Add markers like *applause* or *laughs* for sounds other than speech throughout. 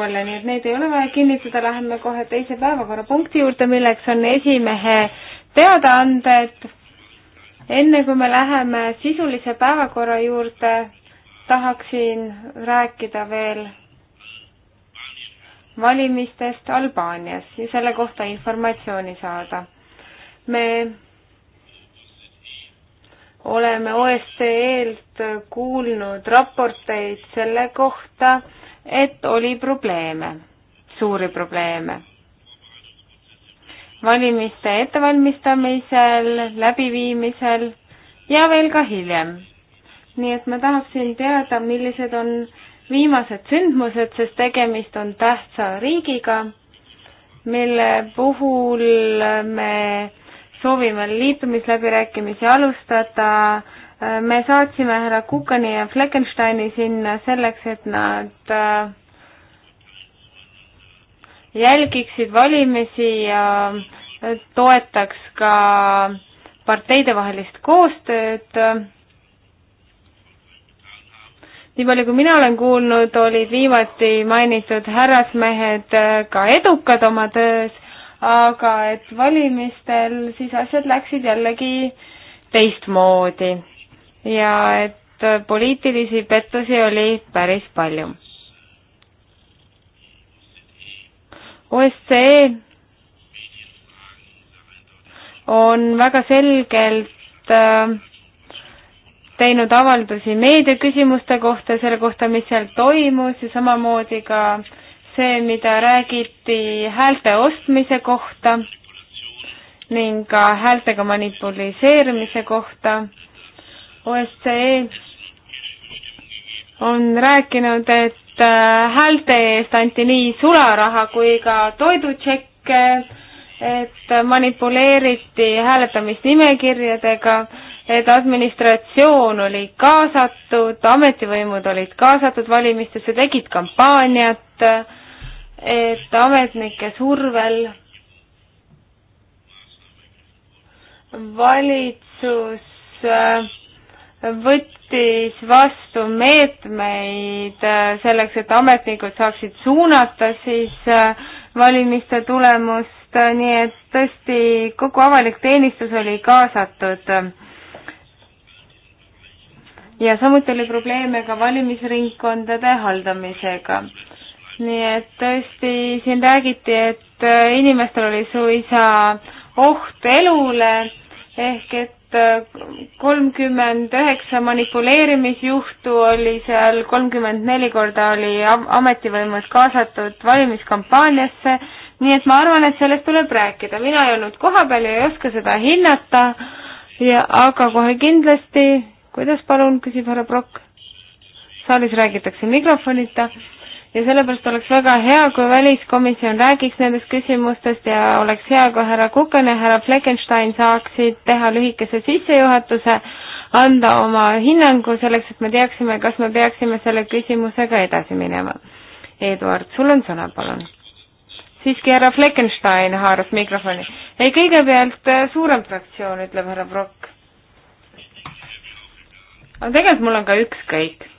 protokolle, nii et neid ei ole vaja kinnitada, läheme kohe teise päevakorrapunkti juurde, milleks on esimehe teadaanded. enne kui me läheme sisulise päevakorra juurde, tahaksin rääkida veel valimistest Albaanias ja selle kohta informatsiooni saada. me oleme OSCE-lt kuulnud raporteid selle kohta, et oli probleeme, suuri probleeme. valimiste ettevalmistamisel, läbiviimisel ja veel ka hiljem. nii et ma tahaksin teada, millised on viimased sündmused, sest tegemist on tähtsa riigiga, mille puhul me soovime liitumisläbirääkimisi alustada me saatsime härra Kukani ja Fleckensteini sinna selleks, et nad äh, jälgiksid valimisi ja toetaks ka parteidevahelist koostööd. nii palju, kui mina olen kuulnud, olid viimati mainitud härrasmehed äh, ka edukad oma töös, aga et valimistel siis asjad läksid jällegi teistmoodi ja et poliitilisi pettusi oli päris palju. OSCE on väga selgelt äh, teinud avaldusi meediaküsimuste kohta, selle kohta, mis seal toimus ja samamoodi ka see, mida räägiti häälte ostmise kohta ning ka häältega manipuliseerimise kohta OSCE on rääkinud, et äh, häälte eest anti nii sularaha kui ka toidutšekke, et manipuleeriti hääletamisnimekirjadega, et administratsioon oli kaasatud, ametivõimud olid kaasatud valimistesse, tegid kampaaniat, et ametnike survel valitsus äh, võttis vastu meetmeid äh, selleks, et ametnikud saaksid suunata siis äh, valimiste tulemust, äh, nii et tõesti kogu avalik teenistus oli kaasatud. ja samuti oli probleeme ka valimisringkondade haldamisega. nii et tõesti siin räägiti, et inimestel oli suisa oht elule ehk et Äh, kolmkümmend üheksa manipuleerimisjuhtu oli seal, kolmkümmend neli korda oli ametivõimud kaasatud valimiskampaaniasse, nii et ma arvan, et sellest tuleb rääkida, mina ei olnud kohapeal ja ei oska seda hinnata ja aga kohe kindlasti, kuidas palun, küsib härra Prokk, saalis räägitakse mikrofonita ja sellepärast oleks väga hea, kui väliskomisjon räägiks nendest küsimustest ja oleks hea, kui härra Kukan ja härra Fleckenstein saaksid teha lühikese sissejuhatuse, anda oma hinnangu selleks, et me teaksime, kas me peaksime selle küsimusega edasi minema. Eduard, sul on sõna, palun. siiski härra Fleckenstein haaras mikrofoni. ei, kõigepealt äh, suurem fraktsioon, ütleb härra Brock. aga tegelikult mul on ka ükskõik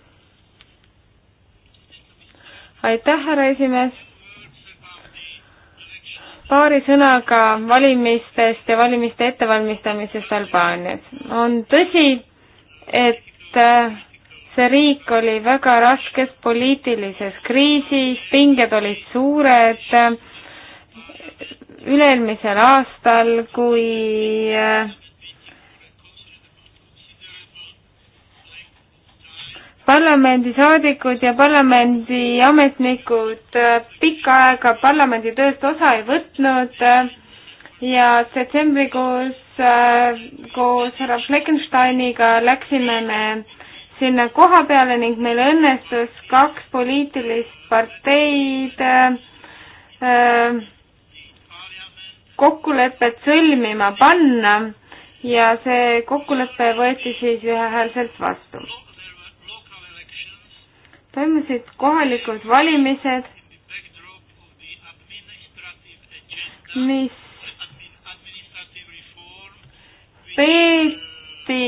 aitäh, härra esimees. paari sõnaga valimistest ja valimiste ettevalmistamisest Albaanias. on tõsi, et äh, see riik oli väga raskes poliitilises kriisis, pinged olid suured äh, üle-eelmisel aastal, kui äh, parlamendisaadikud ja parlamendi ametnikud äh, pikka aega parlamendi tööst osa ei võtnud äh, ja detsembrikuus äh, koos härra Fleckensteiniga läksime me sinna koha peale ning meil õnnestus kaks poliitilist parteid kokkulepet sõlmima panna ja see kokkulepe võeti siis ühehäälselt vastu toimusid kohalikud valimised, mis peeti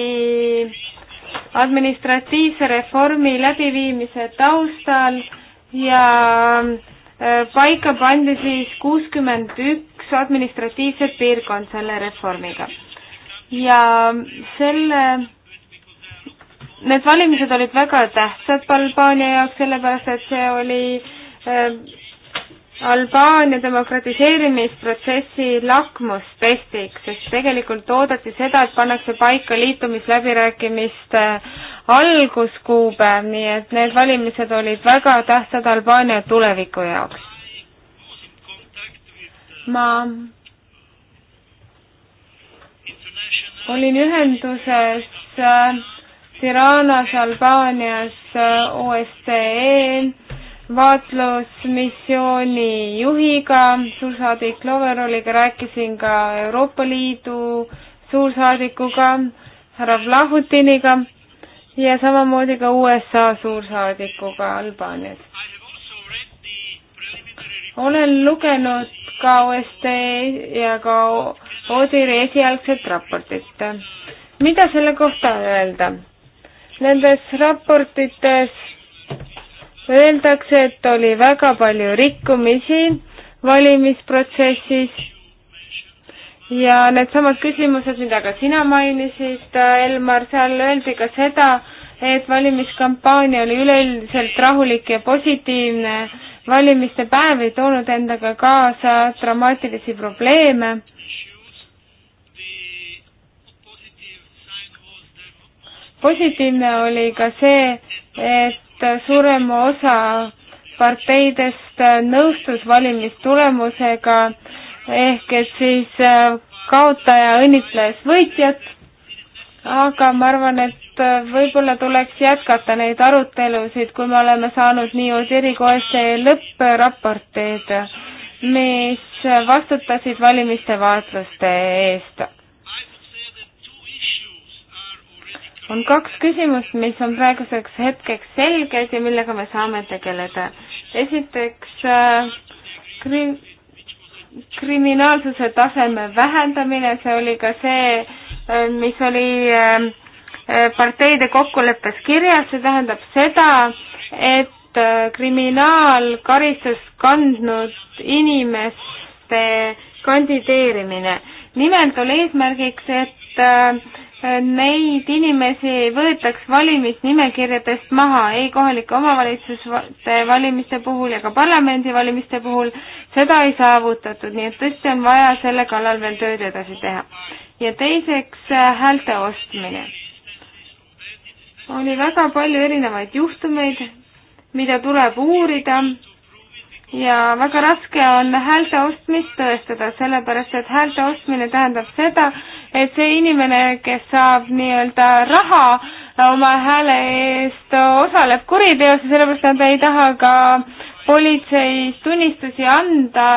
administratiivse reformi läbiviimise taustal ja äh, paika pandi siis kuuskümmend üks administratiivset piirkond selle reformiga. ja selle Need valimised olid väga tähtsad Albaania jaoks, sellepärast et see oli ähm, Albaania demokratiseerimisprotsessi lakmustestiks, sest tegelikult oodati seda, et pannakse paika liitumisläbirääkimiste äh, alguskuupäev, nii et need valimised olid väga tähtsad Albaania tuleviku jaoks. ma olin ühenduses äh, Tiranas, Albaanias OSCE vaatlusmissiooni juhiga, suursaadik Loveroliga, rääkisin ka Euroopa Liidu suursaadikuga, härra Vlahutiniga ja samamoodi ka USA suursaadikuga Albaanias. olen lugenud ka OSCE ja ka ODIHR-i esialgset raportit. mida selle kohta öelda? Nendes raportites öeldakse, et oli väga palju rikkumisi valimisprotsessis ja needsamad küsimused, mida ka sina mainisid, Elmar, seal öeldi ka seda, et valimiskampaania oli üleüldiselt rahulik ja positiivne, valimiste päev ei toonud endaga kaasa dramaatilisi probleeme positiivne oli ka see, et suurem osa parteidest nõustus valimistulemusega ehk et siis äh, kaotaja õnnitles võitjat, aga ma arvan, et äh, võib-olla tuleks jätkata neid arutelusid, kui me oleme saanud nii Osieri Koeste lõppraporteid, mis vastutasid valimiste vaatluste eest on kaks küsimust, mis on praeguseks hetkeks selged ja millega me saame tegeleda. esiteks äh, krim-, kriminaalsuse taseme vähendamine, see oli ka see, äh, mis oli äh, parteide kokkuleppes kirjas, see tähendab seda, et kriminaalkaristust kandnud inimeste kandideerimine. nimelt oli eesmärgiks, et äh, neid inimesi ei võetaks valimisnimekirjadest maha ei kohalike omavalitsuste valimiste puhul ja ka parlamendivalimiste puhul, seda ei saavutatud, nii et tõesti on vaja selle kallal veel tööd edasi teha. ja teiseks äh, häälte ostmine. oli väga palju erinevaid juhtumeid, mida tuleb uurida ja väga raske on häälte ostmist tõestada, sellepärast et häälte ostmine tähendab seda, et see inimene, kes saab nii-öelda raha oma hääle eest, osaleb kuriteos ja sellepärast nad ei taha ka politseis tunnistusi anda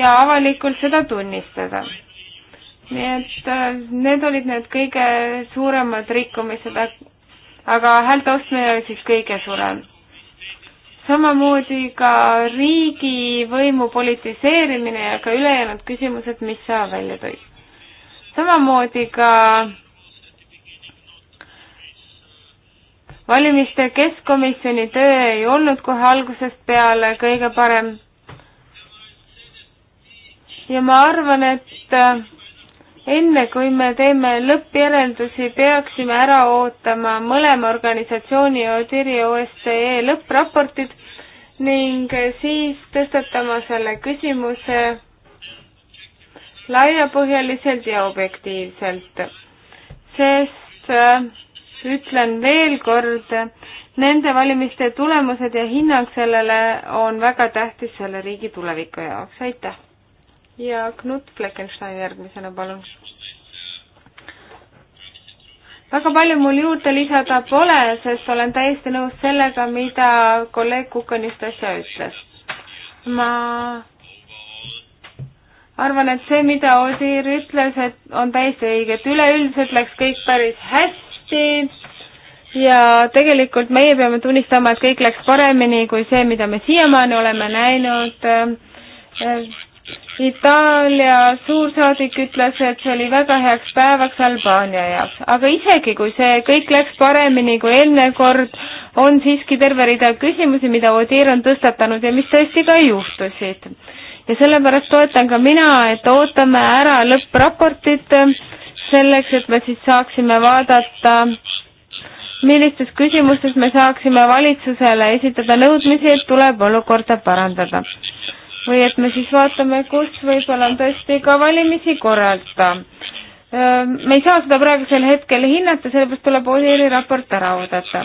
ja avalikult seda tunnistada nii et äh, need olid need kõige suuremad rikkumised, aga häälte ostmine oli siis kõige suurem samamoodi ka riigivõimu politiseerimine ja ka ülejäänud küsimused, mis sa välja tõid. samamoodi ka valimiste keskkomisjoni töö ei olnud kohe algusest peale kõige parem. ja ma arvan, et enne kui me teeme lõppjäreldusi, peaksime ära ootama mõlema organisatsiooni ODIRI OSCE lõppraportid ning siis tõstatama selle küsimuse laiapõhjaliselt ja objektiivselt, sest äh, ütlen veel kord, nende valimiste tulemused ja hinnang sellele on väga tähtis selle riigi tuleviku jaoks, aitäh! ja Knut Fleckenstein järgmisena, palun! väga palju mul juurde lisada pole, sest olen täiesti nõus sellega, mida kolleeg Kukan just äsja ütles. ma arvan, et see, mida Odir ütles, et on täiesti õige, et üleüldiselt läks kõik päris hästi ja tegelikult meie peame tunnistama, et kõik läks paremini kui see, mida me siiamaani oleme näinud. Itaalia suursaadik ütles, et see oli väga heaks päevaks Albaania jaoks, aga isegi kui see kõik läks paremini kui eelmine kord, on siiski terve rida küsimusi, mida Odir on tõstatanud ja mis tõesti ka juhtusid. ja sellepärast toetan ka mina, et ootame ära lõppraportit selleks, et me siis saaksime vaadata, millistes küsimustes me saaksime valitsusele esitada nõudmisi, et tuleb olukorda parandada või et me siis vaatame, kus võib-olla on tõesti ka valimisi korralda. me ei saa seda praegusel hetkel hinnata, sellepärast tuleb Oudiri raport ära oodata.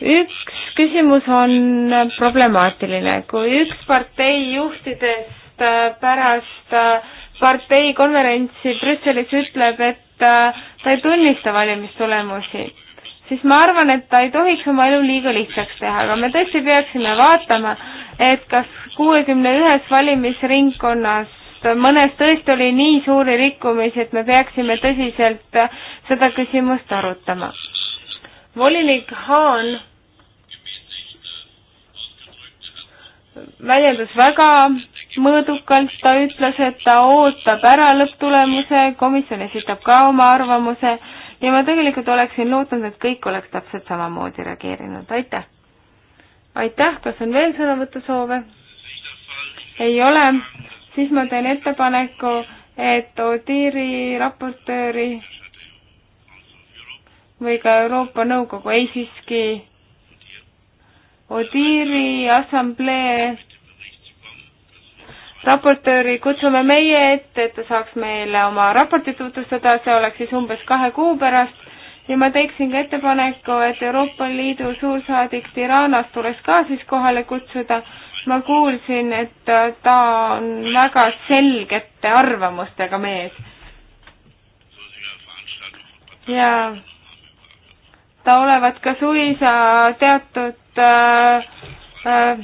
üks küsimus on problemaatiline, kui üks partei juhtidest äh, pärast äh, partei konverentsi Brüsselis ütleb, et äh, ta ei tunnista valimistulemusi, siis ma arvan, et ta ei tohiks oma elu liiga lihtsaks teha, aga me tõesti peaksime vaatama, et kas kuuekümne ühes valimisringkonnas mõnes tõesti oli nii suuri rikkumisi, et me peaksime tõsiselt seda küsimust arutama. volinik Haan väljendas väga mõõdukalt, ta ütles, et ta ootab ära lõpptulemuse, komisjon esitab ka oma arvamuse ja ma tegelikult oleksin lootnud, et kõik oleks täpselt samamoodi reageerinud, aitäh! aitäh, kas on veel sõnavõtusoove? ei ole, siis ma teen ettepaneku, et Odiiri raportööri või ka Euroopa Nõukogu, ei siiski Odiiri assamblee raportööri kutsume meie ette, et ta saaks meile oma raportit tutvustada, see oleks siis umbes kahe kuu pärast ja ma teeksin ka ettepaneku, et Euroopa Liidu suursaadik Tiranas tuleks ka siis kohale kutsuda. ma kuulsin, et ta on väga selgete arvamustega mees. ja ta olevat ka suisa teatud äh, äh,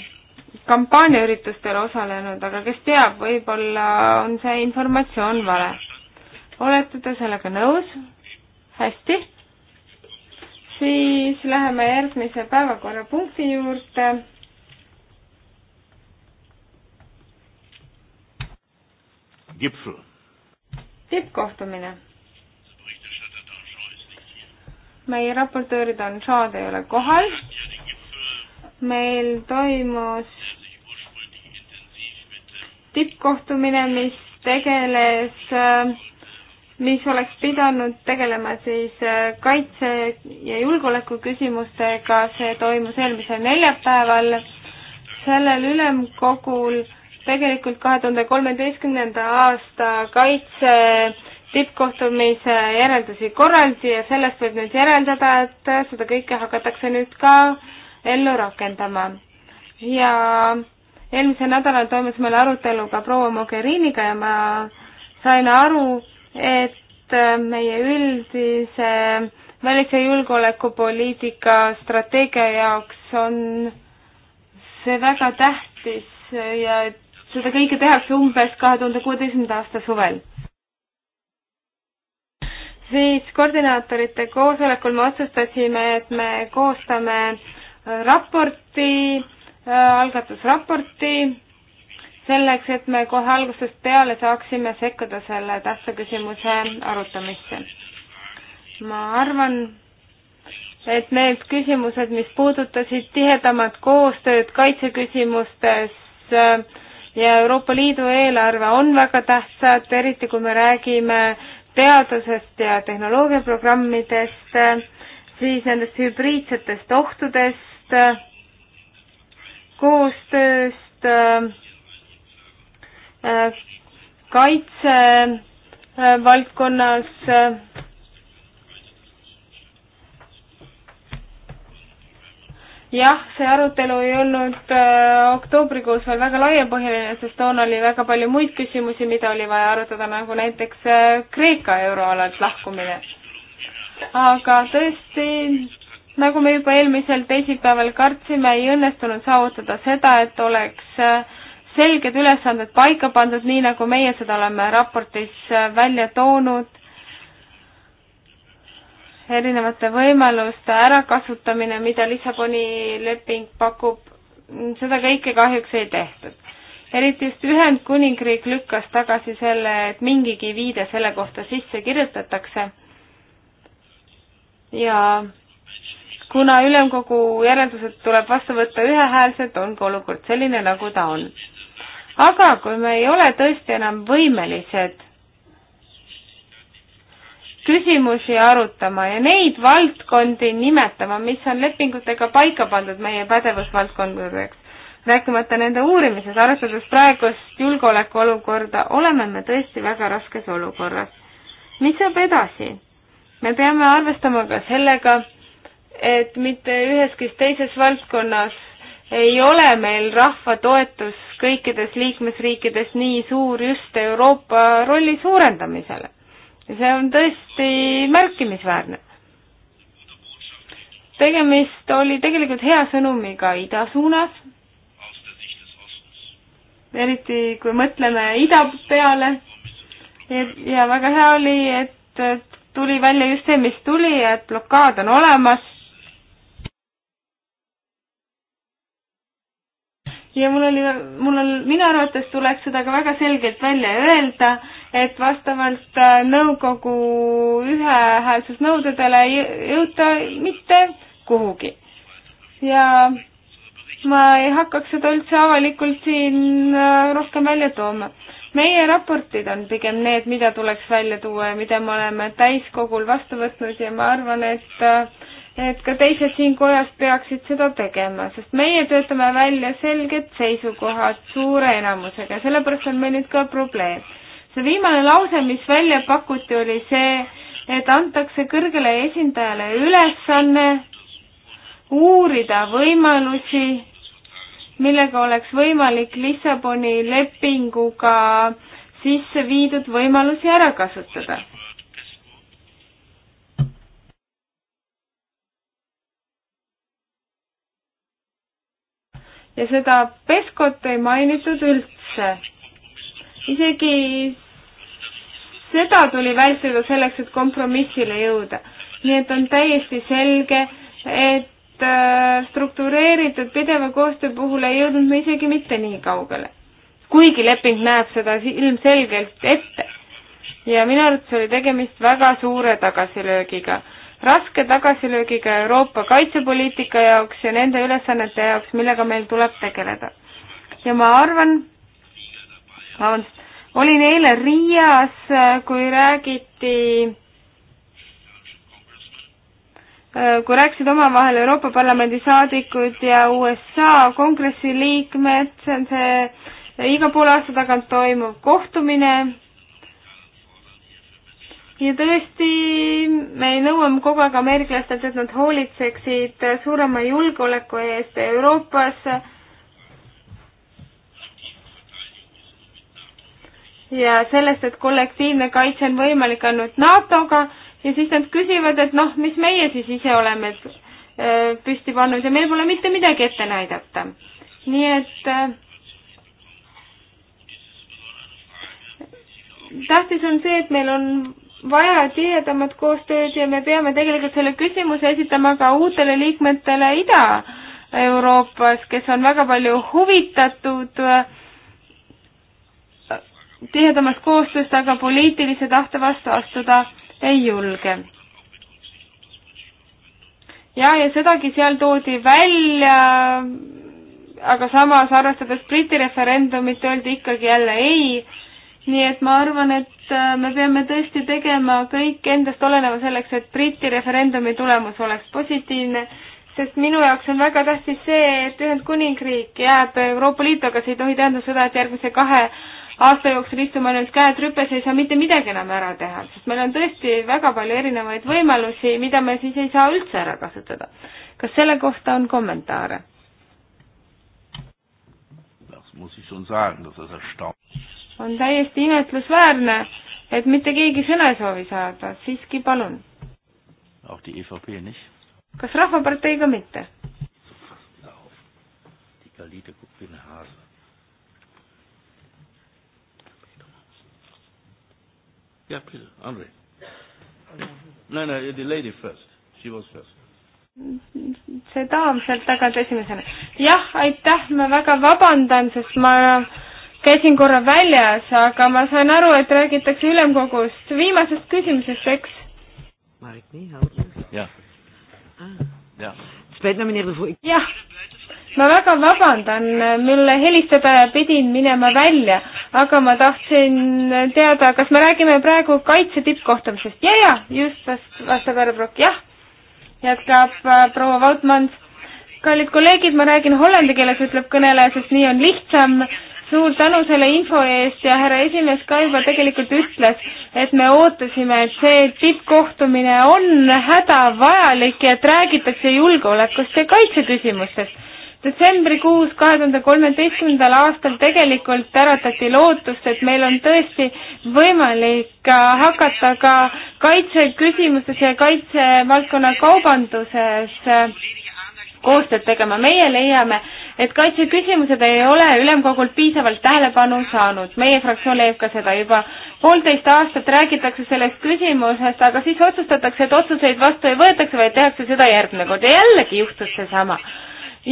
kampaaniaüritustel osalenud, aga kes teab, võib-olla on see informatsioon vale. olete te sellega nõus? hästi siis läheme järgmise päevakorrapunkti juurde. Gipfel. tippkohtumine. meie raportöörid on, Saad ei ole kohal. meil toimus tippkohtumine, mis tegeles äh, mis oleks pidanud tegelema siis äh, kaitse ja julgeoleku küsimustega, see toimus eelmisel neljapäeval. sellel ülemkogul tegelikult kahe tuhande kolmeteistkümnenda aasta kaitse tippkohtumise järeldusi korraldi ja sellest võib nüüd järeldada, et seda kõike hakatakse nüüd ka ellu rakendama. ja eelmisel nädalal toimus meil arutelu ka proua Mogheriniga ja ma sain aru, et äh, meie üldise välis- ja julgeolekupoliitika strateegia jaoks on see väga tähtis ja seda kõike tehakse umbes kahe tuhande kuueteistkümnenda aasta suvel. siis koordinaatorite koosolekul me otsustasime, et me koostame raporti, äh, algatusraporti selleks, et me kohe algusest peale saaksime sekkuda selle tähtsa küsimuse arutamisse. ma arvan, et need küsimused, mis puudutasid tihedamat koostööd kaitseküsimustes ja Euroopa Liidu eelarve on väga tähtsad, eriti kui me räägime teadusest ja tehnoloogiaprogrammidest, siis nendest hübriidsetest ohtudest, koostööst Äh, kaitsevaldkonnas äh, äh, jah, see arutelu ei olnud äh, oktoobrikuus veel väga laiapõhjaline, sest toona oli väga palju muid küsimusi, mida oli vaja arutada, nagu näiteks äh, Kreeka euroalalt lahkumine. aga tõesti, nagu me juba eelmisel teisipäeval kartsime, ei õnnestunud saavutada seda, et oleks äh, selged ülesanded paika pandud, nii nagu meie seda oleme raportis äh, välja toonud, erinevate võimaluste ärakasutamine, mida Lissaboni leping pakub, seda kõike kahjuks ei tehtud. eriti just Ühendkuningriik lükkas tagasi selle, et mingigi viide selle kohta sisse kirjutatakse ja kuna ülemkogu järeldused tuleb vastu võtta ühehäälselt, on ka olukord selline, nagu ta on aga kui me ei ole tõesti enam võimelised küsimusi arutama ja neid valdkondi nimetama, mis on lepingutega paika pandud meie pädevusvaldkondadeks, rääkimata nende uurimises, arvestades praegust julgeolekuolukorda, oleme me tõesti väga raskes olukorras. mis saab edasi? me peame arvestama ka sellega, et mitte üheski teises valdkonnas ei ole meil rahva toetus kõikides liikmesriikides nii suur just Euroopa rolli suurendamisele. ja see on tõesti märkimisväärne. tegemist oli tegelikult hea sõnumiga ida suunas, eriti kui mõtleme ida peale ja, ja väga hea oli, et tuli välja just see, mis tuli, et blokaad on olemas ja mul oli, mul on, minu arvates tuleks seda ka väga selgelt välja öelda, et vastavalt äh, nõukogu ühehäälsusnõudedele ei jõuta mitte kuhugi. ja ma ei hakkaks seda üldse avalikult siin äh, rohkem välja tooma. meie raportid on pigem need, mida tuleks välja tuua ja mida me oleme täiskogul vastu võtnud ja ma arvan, et äh, et ka teised siin kojas peaksid seda tegema, sest meie töötame välja selged seisukohad suure enamusega, sellepärast on meil nüüd ka probleem. see viimane lause, mis välja pakuti, oli see, et antakse kõrgele esindajale ülesanne uurida võimalusi, millega oleks võimalik Lissaboni lepinguga sisse viidud võimalusi ära kasutada ja seda Peskot ei mainitud üldse. isegi seda tuli vältida selleks, et kompromissile jõuda. nii et on täiesti selge, et äh, struktureeritud pideva koostöö puhul ei jõudnud me isegi mitte nii kaugele. kuigi leping näeb seda ilmselgelt ette. ja minu arvates oli tegemist väga suure tagasilöögiga raske tagasilöögiga Euroopa kaitsepoliitika jaoks ja nende ülesannete jaoks, millega meil tuleb tegeleda. ja ma arvan, vabandust, olin eile Riias, kui räägiti kui rääkisid omavahel Euroopa Parlamendi saadikud ja USA kongressi liikmed, see on see iga poole aasta tagant toimuv kohtumine, ja tõesti, me nõuame kogu aeg ameeriklastelt, et nad hoolitseksid suurema julgeoleku eest Euroopas. ja sellest, et kollektiivne kaitse on võimalik ainult NATO-ga ja siis nad küsivad, et noh, mis meie siis ise oleme äh, püsti pannud ja meil pole mitte midagi ette näidata. nii et äh, tähtis on see, et meil on vaja tihedamat koostööd ja me peame tegelikult selle küsimuse esitama ka uutele liikmetele Ida-Euroopas, kes on väga palju huvitatud äh, tihedamast koostööst, aga poliitilise tahte vastu astuda ei julge. ja, ja sedagi seal toodi välja, aga samas arvestades Briti referendumit, öeldi ikkagi jälle ei nii et ma arvan, et äh, me peame tõesti tegema kõik endast oleneva selleks, et Briti referendumi tulemus oleks positiivne, sest minu jaoks on väga tähtis see, et Ühendkuningriik jääb Euroopa Liitu, aga see ei tohi tähendada seda, et järgmise kahe aasta jooksul istume ainult käed rüpes, ei saa mitte midagi enam ära teha, sest meil on tõesti väga palju erinevaid võimalusi, mida me siis ei saa üldse ära kasutada. kas selle kohta on kommentaare? muss ich schon sagen, dass das erstaunt ist on täiesti inetlusväärne, et mitte keegi sõna ei soovi saada, siiski palun. E kas Rahvapartei ka mitte? jah, Andrei. no, no, the lady first, she was first see daam sealt tagant esimesena. jah, aitäh, ma väga vabandan, sest ma käisin korra väljas, aga ma sain aru, et räägitakse ülemkogust. viimasest küsimusest, eks? Marit Niihaug. jah. Ah. jah. jah, ma väga vabandan, mulle helistada pidin minema välja, aga ma tahtsin teada, kas me räägime praegu kaitse tippkohtumisest? ja, ja, just vast-, vastab härra Prokk, jah. jätkab äh, proua Vautmans. kallid kolleegid, ma räägin hollandi keeles, ütleb kõneleja, sest nii on lihtsam suur tänu selle info eest ja härra esimees ka juba tegelikult ütles, et me ootasime, et see tippkohtumine on hädavajalik ja et räägitakse julgeolekust ja kaitseküsimustest. detsembrikuus kahe tuhande kolmeteistkümnendal aastal tegelikult äratati lootust, et meil on tõesti võimalik äh, hakata ka kaitseküsimustes ja kaitsevaldkonna kaubanduses äh, koostööd tegema. meie leiame, et kaitseküsimused ei ole ülemkogult piisavalt tähelepanu saanud. meie fraktsioon leiab ka seda juba poolteist aastat räägitakse sellest küsimusest, aga siis otsustatakse, et otsuseid vastu ei võetakse, vaid tehakse seda järgmine kord ja jällegi juhtus seesama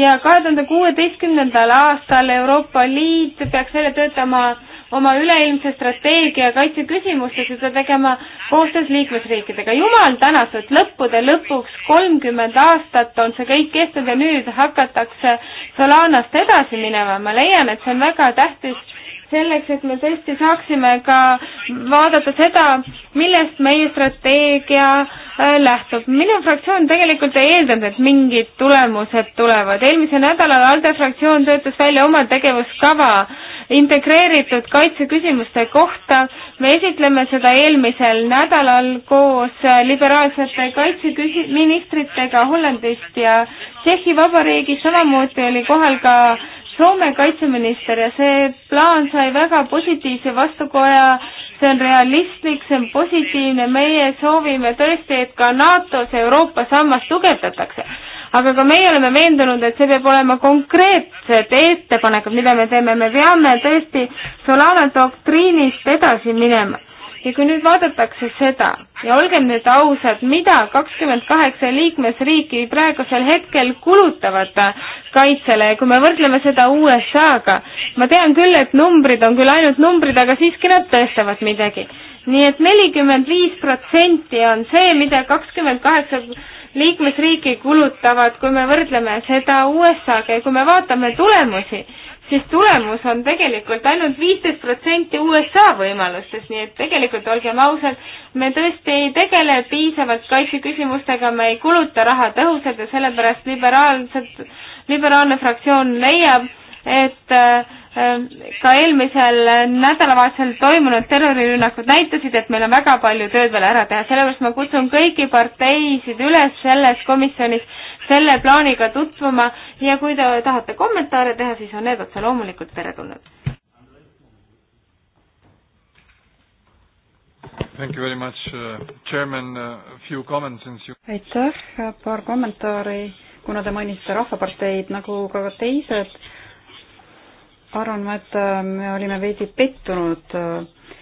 ja kahe tuhande kuueteistkümnendal aastal Euroopa Liit peaks välja töötama oma üleilmse strateegia kaitseküsimustes ja seda tegema koostöös liikmesriikidega. jumal tänatud, lõppude lõpuks kolmkümmend aastat on see kõik kestnud ja nüüd hakatakse Solanast edasi minema. ma leian, et see on väga tähtis selleks, et me tõesti saaksime ka vaadata seda, millest meie strateegia äh, lähtub. minu fraktsioon tegelikult ei eeldanud, et mingid tulemused tulevad. eelmisel nädalal ALDE fraktsioon töötas välja oma tegevuskava integreeritud kaitseküsimuste kohta. me esitleme seda eelmisel nädalal koos liberaalsete kaitseministritega Hollandist ja Tšehhi Vabariigist, samamoodi oli kohal ka Soome kaitseminister ja see plaan sai väga positiivse vastukoja, see on realistlik, see on positiivne, meie soovime tõesti, et ka NATO-s Euroopa sammast tugevdatakse aga ka meie oleme veendunud, et see peab olema konkreetsed ettepanekud, mida me teeme, me peame tõesti Solana doktriinist edasi minema. ja kui nüüd vaadatakse seda ja olgem nüüd ausad, mida kakskümmend kaheksa liikmesriiki praegusel hetkel kulutavad kaitsele ja kui me võrdleme seda USA-ga, ma tean küll, et numbrid on küll ainult numbrid, aga siiski nad tõestavad midagi nii et nelikümmend viis protsenti on see, mida kakskümmend kaheksa liikmesriiki kulutavad, kui me võrdleme seda USA-ga ja kui me vaatame tulemusi, siis tulemus on tegelikult ainult viisteist protsenti USA võimalustest, nii et tegelikult olgem ausad, me tõesti ei tegele piisavalt kaitseküsimustega, me ei kuluta raha tõhusalt ja sellepärast liberaalselt, liberaalne fraktsioon leiab, et äh, Äh, ka eelmisel nädalavahetusel toimunud terrorirünnakud näitasid, et meil on väga palju tööd veel ära teha, sellepärast ma kutsun kõiki parteisid üles selles komisjonis selle plaaniga tutvuma ja kui te tahate kommentaare teha, siis on need otse loomulikult teretulnud. Thank you very much uh,, chairman uh,, few comments since you aitäh, paar kommentaari, kuna te mainisite Rahvaparteid nagu ka teised arvan ma, et äh, me olime veidi pettunud äh,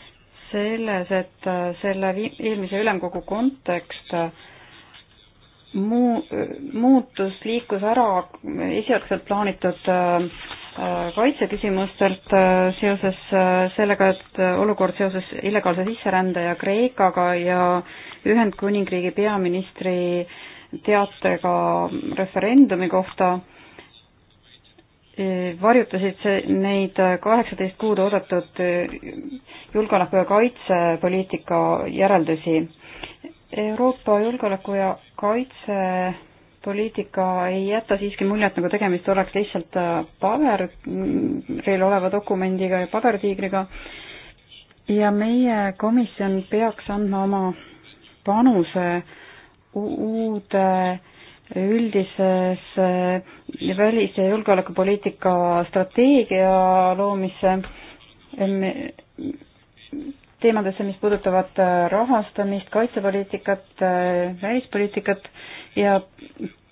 selles, et äh, selle eelmise ülemkogu kontekst muu, muutus, liikus ära esialgselt plaanitud kaitseküsimustelt seoses sellega, et olukord seoses illegaalse sisserände ja Kreekaga ja Ühendkuningriigi peaministri teatega referendumi kohta äh, varjutasid neid kaheksateist kuud oodatud julgeoleku- ja kaitsepoliitika järeldusi. Euroopa julgeoleku- ja kaitsepoliitika ei jäta siiski muljet, nagu tegemist oleks lihtsalt paberil oleva dokumendiga ja pabertiigriga ja meie komisjon peaks andma oma panuse uude üldises eh, välis- ja julgeolekupoliitika strateegia loomisse, teemadesse, mis puudutavad eh, rahastamist, kaitsepoliitikat, eh, välispoliitikat ja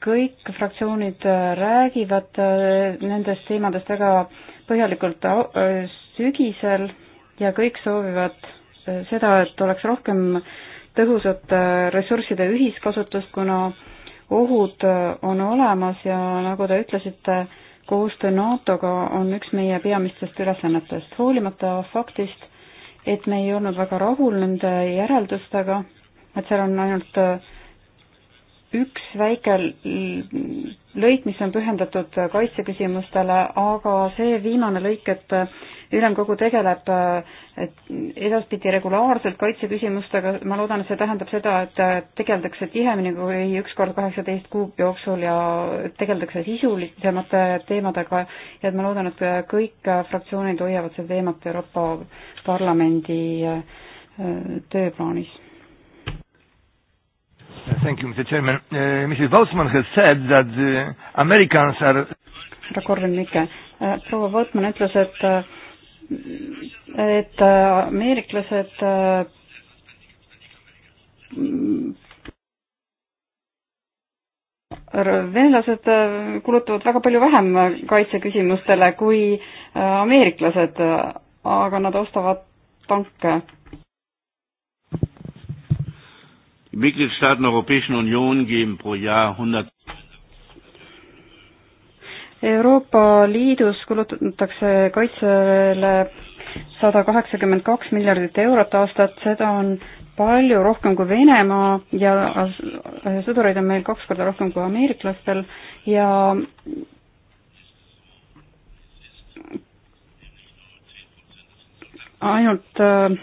kõik fraktsioonid räägivad nendest teemadest väga põhjalikult sügisel ja kõik soovivad seda, et oleks rohkem tõhusat ressursside ühiskasutust, kuna ohud äh, on olemas ja nagu te ütlesite, koostöö NATO-ga on üks meie peamistest ülesannetest, hoolimata faktist, et me ei olnud väga rahul nende järeldustega, et seal on ainult äh, üks väike lõik, mis on pühendatud kaitseküsimustele, aga see viimane lõik, et ülemkogu tegeleb edaspidi regulaarselt kaitseküsimustega, ma loodan, et see tähendab seda, et tegeldakse tihemini kui üks kord kaheksateist kuu jooksul ja tegeldakse sisulisemate teemadega ja et ma loodan, et kõik fraktsioonid hoiavad seda teemat Euroopa Parlamendi tööplaanis Thank you, Mr. Chairman. Uh, Mrs. Valsman has said that the uh, Americans are härra Korvinike, äh, proua Võtman ütles, et äh, et äh, ameeriklased venelased kulutavad väga palju vähem kaitseküsimustele kui ameeriklased, aga nad ostavad tanke Die Mitgliedstaaten der Europäischen Union geben pro Jahr 100 Euroopa Liidus kulutatakse kaitsele sada kaheksakümmend kaks miljardit eurot aastat, seda on palju rohkem kui Venemaa ja sõdureid on meil kaks korda rohkem kui ameeriklastel ja ainult äh,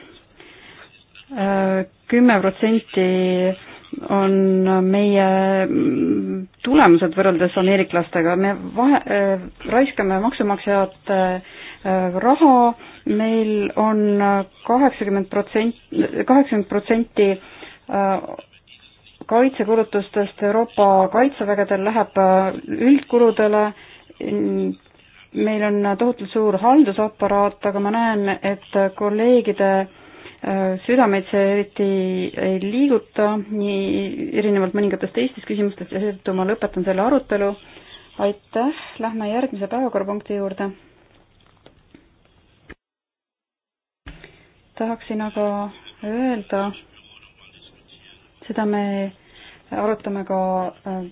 kümme protsenti on meie tulemused võrreldes ameeriklastega, me vahe äh,, raiskame maksumaksjat äh, raha, meil on kaheksakümmend protsenti, kaheksakümmend protsenti äh, kaitsekulutustest Euroopa kaitsevägedel läheb äh, üldkuludele, meil on tohutult suur haldusaparaat, aga ma näen, et kolleegide äh, südameid see eriti ei liiguta, nii erinevalt mõningatest teistest küsimustest ja seetõttu ma lõpetan selle arutelu. aitäh, lähme järgmise päevakorrapunkti juurde. tahaksin aga öelda, seda me arutame ka äh,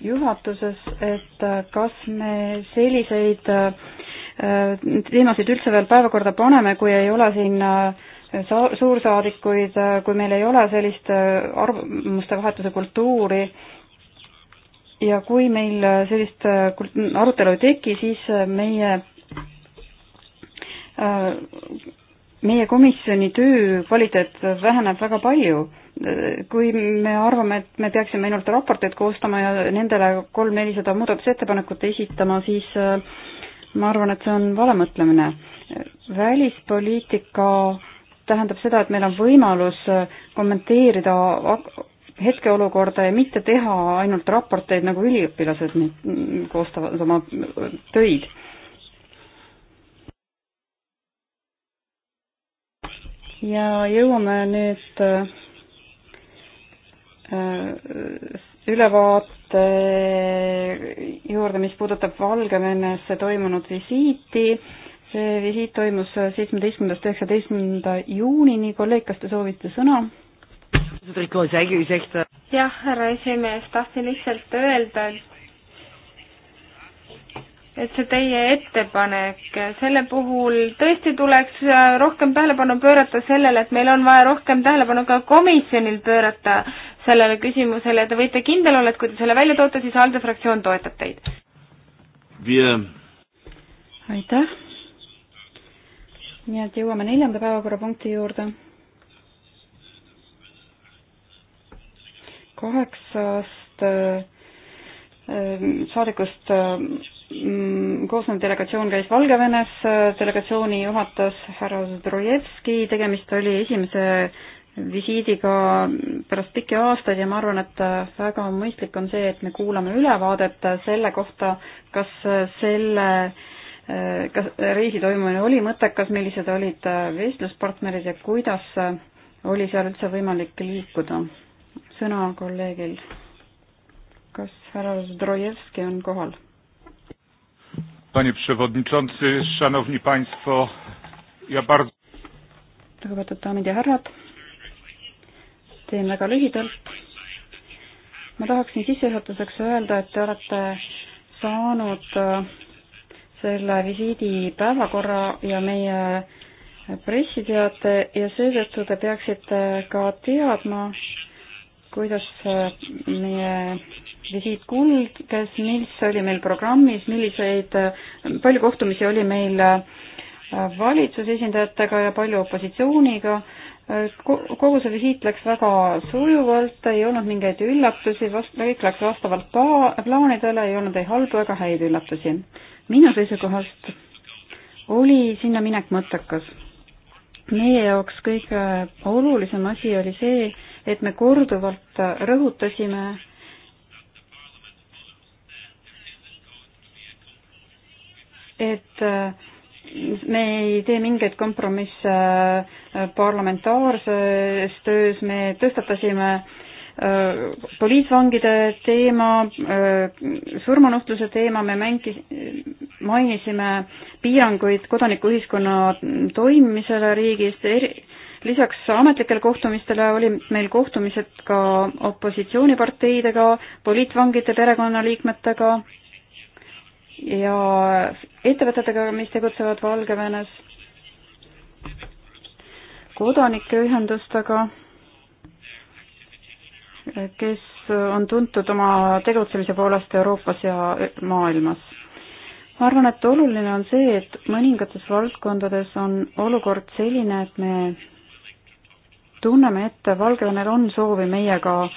juhatuses, et äh, kas me selliseid äh, teemasid üldse veel päevakorda paneme, kui ei ole siin äh, sa-, suursaadikuid, kui meil ei ole sellist äh, arvamuste vahetuse kultuuri ja kui meil sellist äh, arutelu ei teki, siis äh, meie, meie komisjoni töö kvaliteet väheneb väga palju. kui me arvame, et me peaksime ainult raporteid koostama ja nendele kolm-nelisada muudatusettepanekut esitama, siis ma arvan, et see on vale mõtlemine. välispoliitika tähendab seda, et meil on võimalus äh, kommenteerida hetkeolukorda ja mitte teha ainult raporteid nagu üliõpilased mm, koostavad oma äh, töid. ja jõuame nüüd äh, ülevaate juurde, mis puudutab Valgevenesse toimunud visiiti see visiit toimus seitsmeteistkümnendast üheksateistkümnenda juunini, kolleeg, kas te soovite sõna? jah, härra esimees, tahtsin lihtsalt öelda, et et see teie ettepanek, selle puhul tõesti tuleks rohkem tähelepanu pöörata sellele, et meil on vaja rohkem tähelepanu ka komisjonil pöörata sellele küsimusele ja te võite kindel olla, et kui te selle välja toote, siis ALDE fraktsioon toetab teid. aitäh nii et jõuame neljanda päevakorrapunkti juurde. kaheksast äh, saadikust äh, koosnev delegatsioon käis Valgevenes, delegatsiooni juhatas härra Zdrojevski, tegemist oli esimese visiidiga pärast pikki aastaid ja ma arvan, et väga mõistlik on see, et me kuulame ülevaadet selle kohta, kas selle Äh, kas reisi toimumine oli mõttekas, millised olid äh, vestluspartnerid ja kuidas äh, oli seal üldse võimalik liikuda? sõna on kolleegil. kas härra Zdrojevski on kohal? Panie Przewodniczący, Szanowni Państwo, ja bardzo... Lugupeetud daamid ja härrad, teen väga lühidalt. ma tahaksin sissejuhatuseks öelda, et te olete saanud selle visiidi päevakorra ja meie pressiteate ja seetõttu te peaksite ka teadma, kuidas meie visiit kulges, mis oli meil programmis, milliseid, palju kohtumisi oli meil valitsuse esindajatega ja palju opositsiooniga. kogu see visiit läks väga sujuvalt, ei olnud mingeid üllatusi, vast-, kõik läks vastavalt pla-, plaanidele, ei olnud ei halbu ega häid üllatusi minu seisukohast oli sinna minek mõttekas. meie jaoks kõige olulisem asi oli see, et me korduvalt rõhutasime et me ei tee mingeid kompromisse parlamentaarses töös, me tõstatasime äh, Äh, poliitvangide teema, äh, surmanuhtluse teema, me mängis-, mainisime piiranguid kodanikuühiskonna toimimisele riigis, lisaks ametlikele kohtumistele olid meil kohtumised ka opositsiooniparteidega, poliitvangide perekonnaliikmetega ja ettevõtetega, mis tegutsevad Valgevenes, kodanike ühendustega kes on tuntud oma tegutsemise poolest Euroopas ja maailmas. ma arvan, et oluline on see, et mõningates valdkondades on olukord selline, et me tunneme, et Valgevenel on soovi meiega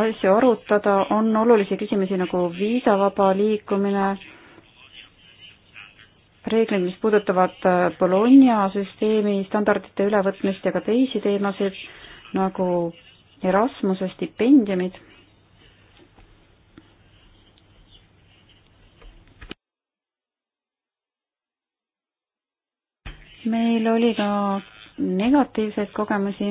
asju arutada, on olulisi küsimusi nagu viisavaba liikumine, reeglid, mis puudutavad äh, Bologna süsteemi standardite ülevõtmist ja ka teisi teemasid, nagu Erasmuse stipendiumid. meil oli ka negatiivseid kogemusi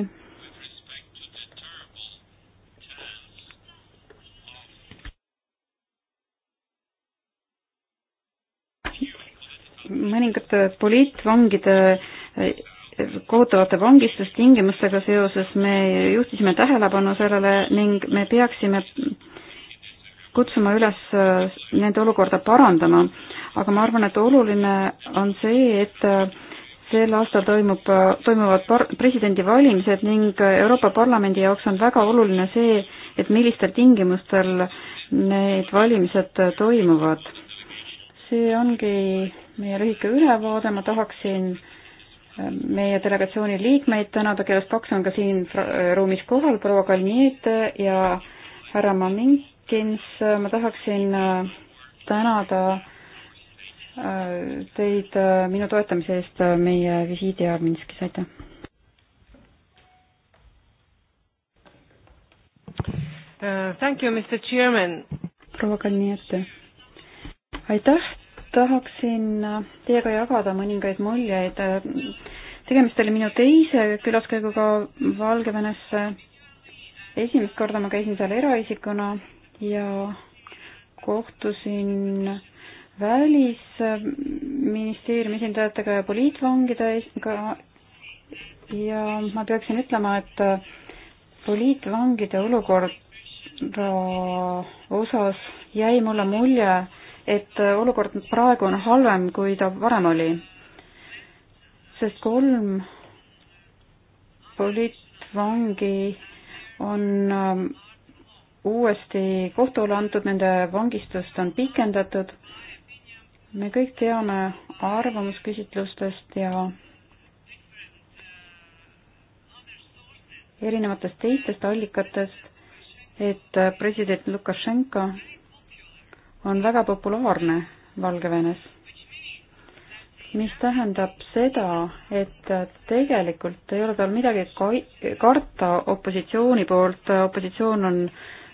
mõningate poliitvangide kohutavate vangistustingimustega seoses me juhtisime tähelepanu sellele ning me peaksime kutsuma üles äh, nende olukorda parandama, aga ma arvan, et oluline on see, et äh, sel aastal toimub, äh, toimuvad par-, presidendivalimised ning Euroopa Parlamendi jaoks on väga oluline see, et millistel tingimustel need valimised toimuvad. see ongi meie lühike ülevaade, ma tahaksin meie delegatsiooni liikmeid tänada, kellest kaks on ka siin ruumis kohal, proua Kalniete ja härra Maminkins. ma tahaksin äh, tänada äh, teid äh, minu toetamise eest meie visiidi ajal Minskis, aitäh! Uh, thank you, Mr Chairman! proua Kalniete, aitäh, tahaksin teiega jagada mõningaid muljeid. tegemist oli minu teise külaskäiguga Valgevenesse. esimest korda ma käisin seal eraisikuna ja kohtusin välisministeeriumi esindajatega ja poliitvangidega ja ma peaksin ütlema, et poliitvangide olukorra osas jäi mulle mulje, et olukord praegu on halvem, kui ta varem oli. sest kolm poliitvangi on ähm, uuesti kohtule antud, nende vangistust on pikendatud. me kõik teame arvamusküsitlustest ja erinevatest teistest allikatest, et president Lukašenka on väga populaarne Valgevenes, mis tähendab seda, et tegelikult ei ole tal midagi karta opositsiooni poolt, opositsioon on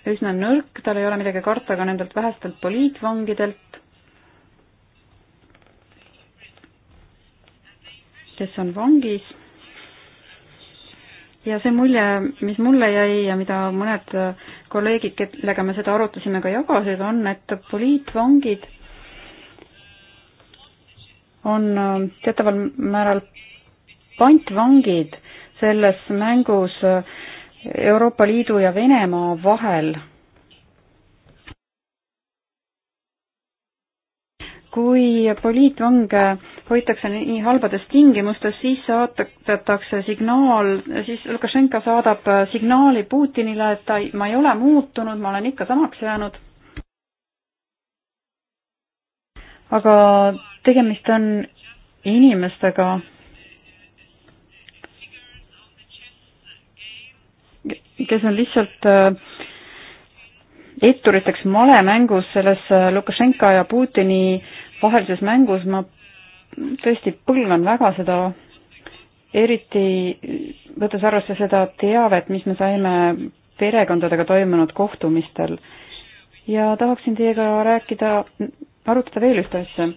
üsna nõrk, tal ei ole midagi karta ka nendelt vähestelt poliitvangidelt, kes on vangis ja see mulje, mis mulle jäi ja mida mõned kolleegid, kellega me seda arutasime, ka jagasid, on, et poliitvangid on äh, teataval määral pantvangid selles mängus äh, Euroopa Liidu ja Venemaa vahel. kui poliitvange hoitakse nii halbades tingimustes, siis saadetakse signaal, siis Lukašenka saadab signaali Putinile, et ta, ma ei ole muutunud, ma olen ikka samaks jäänud. aga tegemist on inimestega, kes on lihtsalt äh, etturiteks malemängus selles äh, Lukašenka ja Putini vahelises mängus, ma tõesti põlgan väga seda, eriti võttes arvesse seda teavet, mis me saime perekondadega toimunud kohtumistel. ja tahaksin teiega rääkida, arutada veel ühte asja.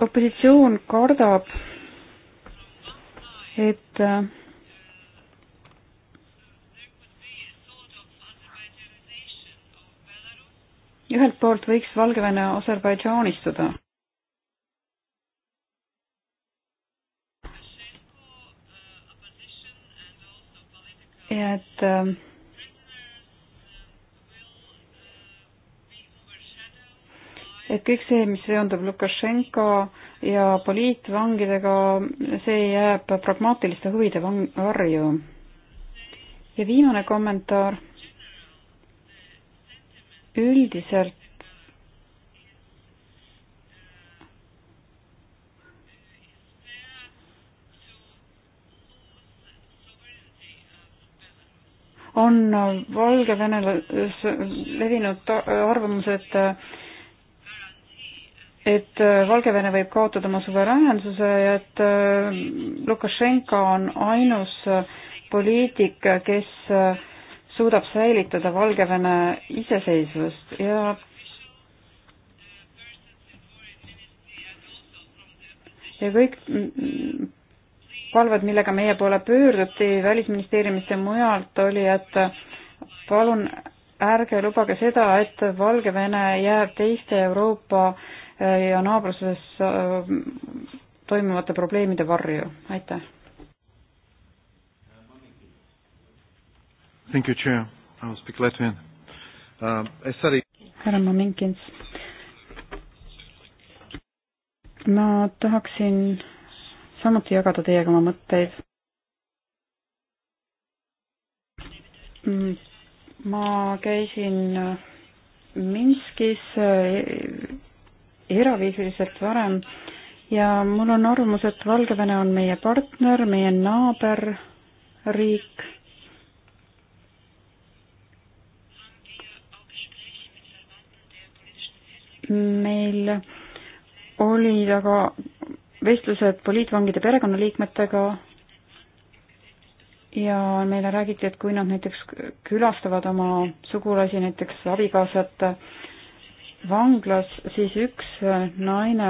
opositsioon kardab, et äh, ühelt poolt võiks Valgevene Aserbaidžaanistuda. ja et ähm, et kõik see, mis seondub Lukašenko ja poliitvangidega, see jääb pragmaatiliste huvide varju. ja viimane kommentaar. üldiselt on Valgevenelas levinud arvamus, et et Valgevene võib kaotada oma suveräänsuse ja et äh, Lukašenka on ainus poliitik, kes suudab säilitada Valgevene iseseisvust ja ja kõik palved, millega meie poole pöörduti Välisministeeriumisse mujalt, oli, et palun ärge lubage seda, et Valgevene jääb teiste Euroopa äh, ja naabruses äh, toimuvate probleemide varju, aitäh. Thank you, Chair. I will speak Latvian. Uh, es arī... Härra Maminkins. Ma tahaksin samuti jagada teiega oma mõtteid. ma käisin Minskis eraviisiliselt varem ja mul on arvamus, et Valgevene on meie partner, meie naaberriik. meil olid aga vestlused poliitvangide perekonnaliikmetega ja meile räägiti, et kui nad näiteks külastavad oma sugulasi, näiteks abikaasat vanglas, siis üks naine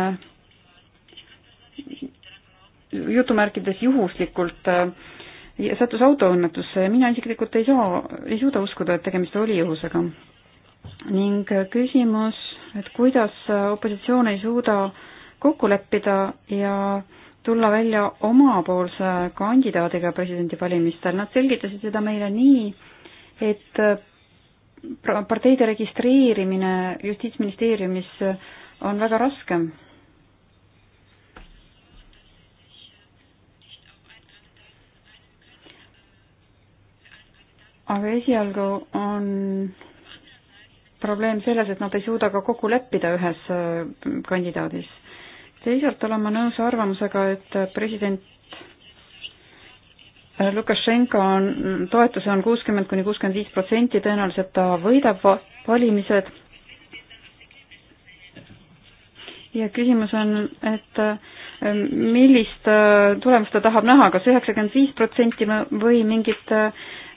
jutumärkides juhuslikult äh, sattus autoõnnetusse ja mina isiklikult ei saa, ei suuda uskuda, et tegemist oli juhusega. ning küsimus, et kuidas opositsioon ei suuda äh, kokku leppida ja tulla välja omapoolse kandidaadiga presidendivalimistel. Nad selgitasid seda meile nii, et parteide registreerimine Justiitsministeeriumis on väga raske. aga esialgu on probleem selles, et nad ei suuda ka kokku leppida ühes kandidaadis teisalt olen ma nõus arvamusega, et president äh, Lukašenka on, toetuse on kuuskümmend kuni kuuskümmend viis protsenti, tõenäoliselt ta võidab valimised. ja küsimus on, et äh, millist äh, tulemust ta tahab näha kas, kas üheksakümmend viis protsenti või mingit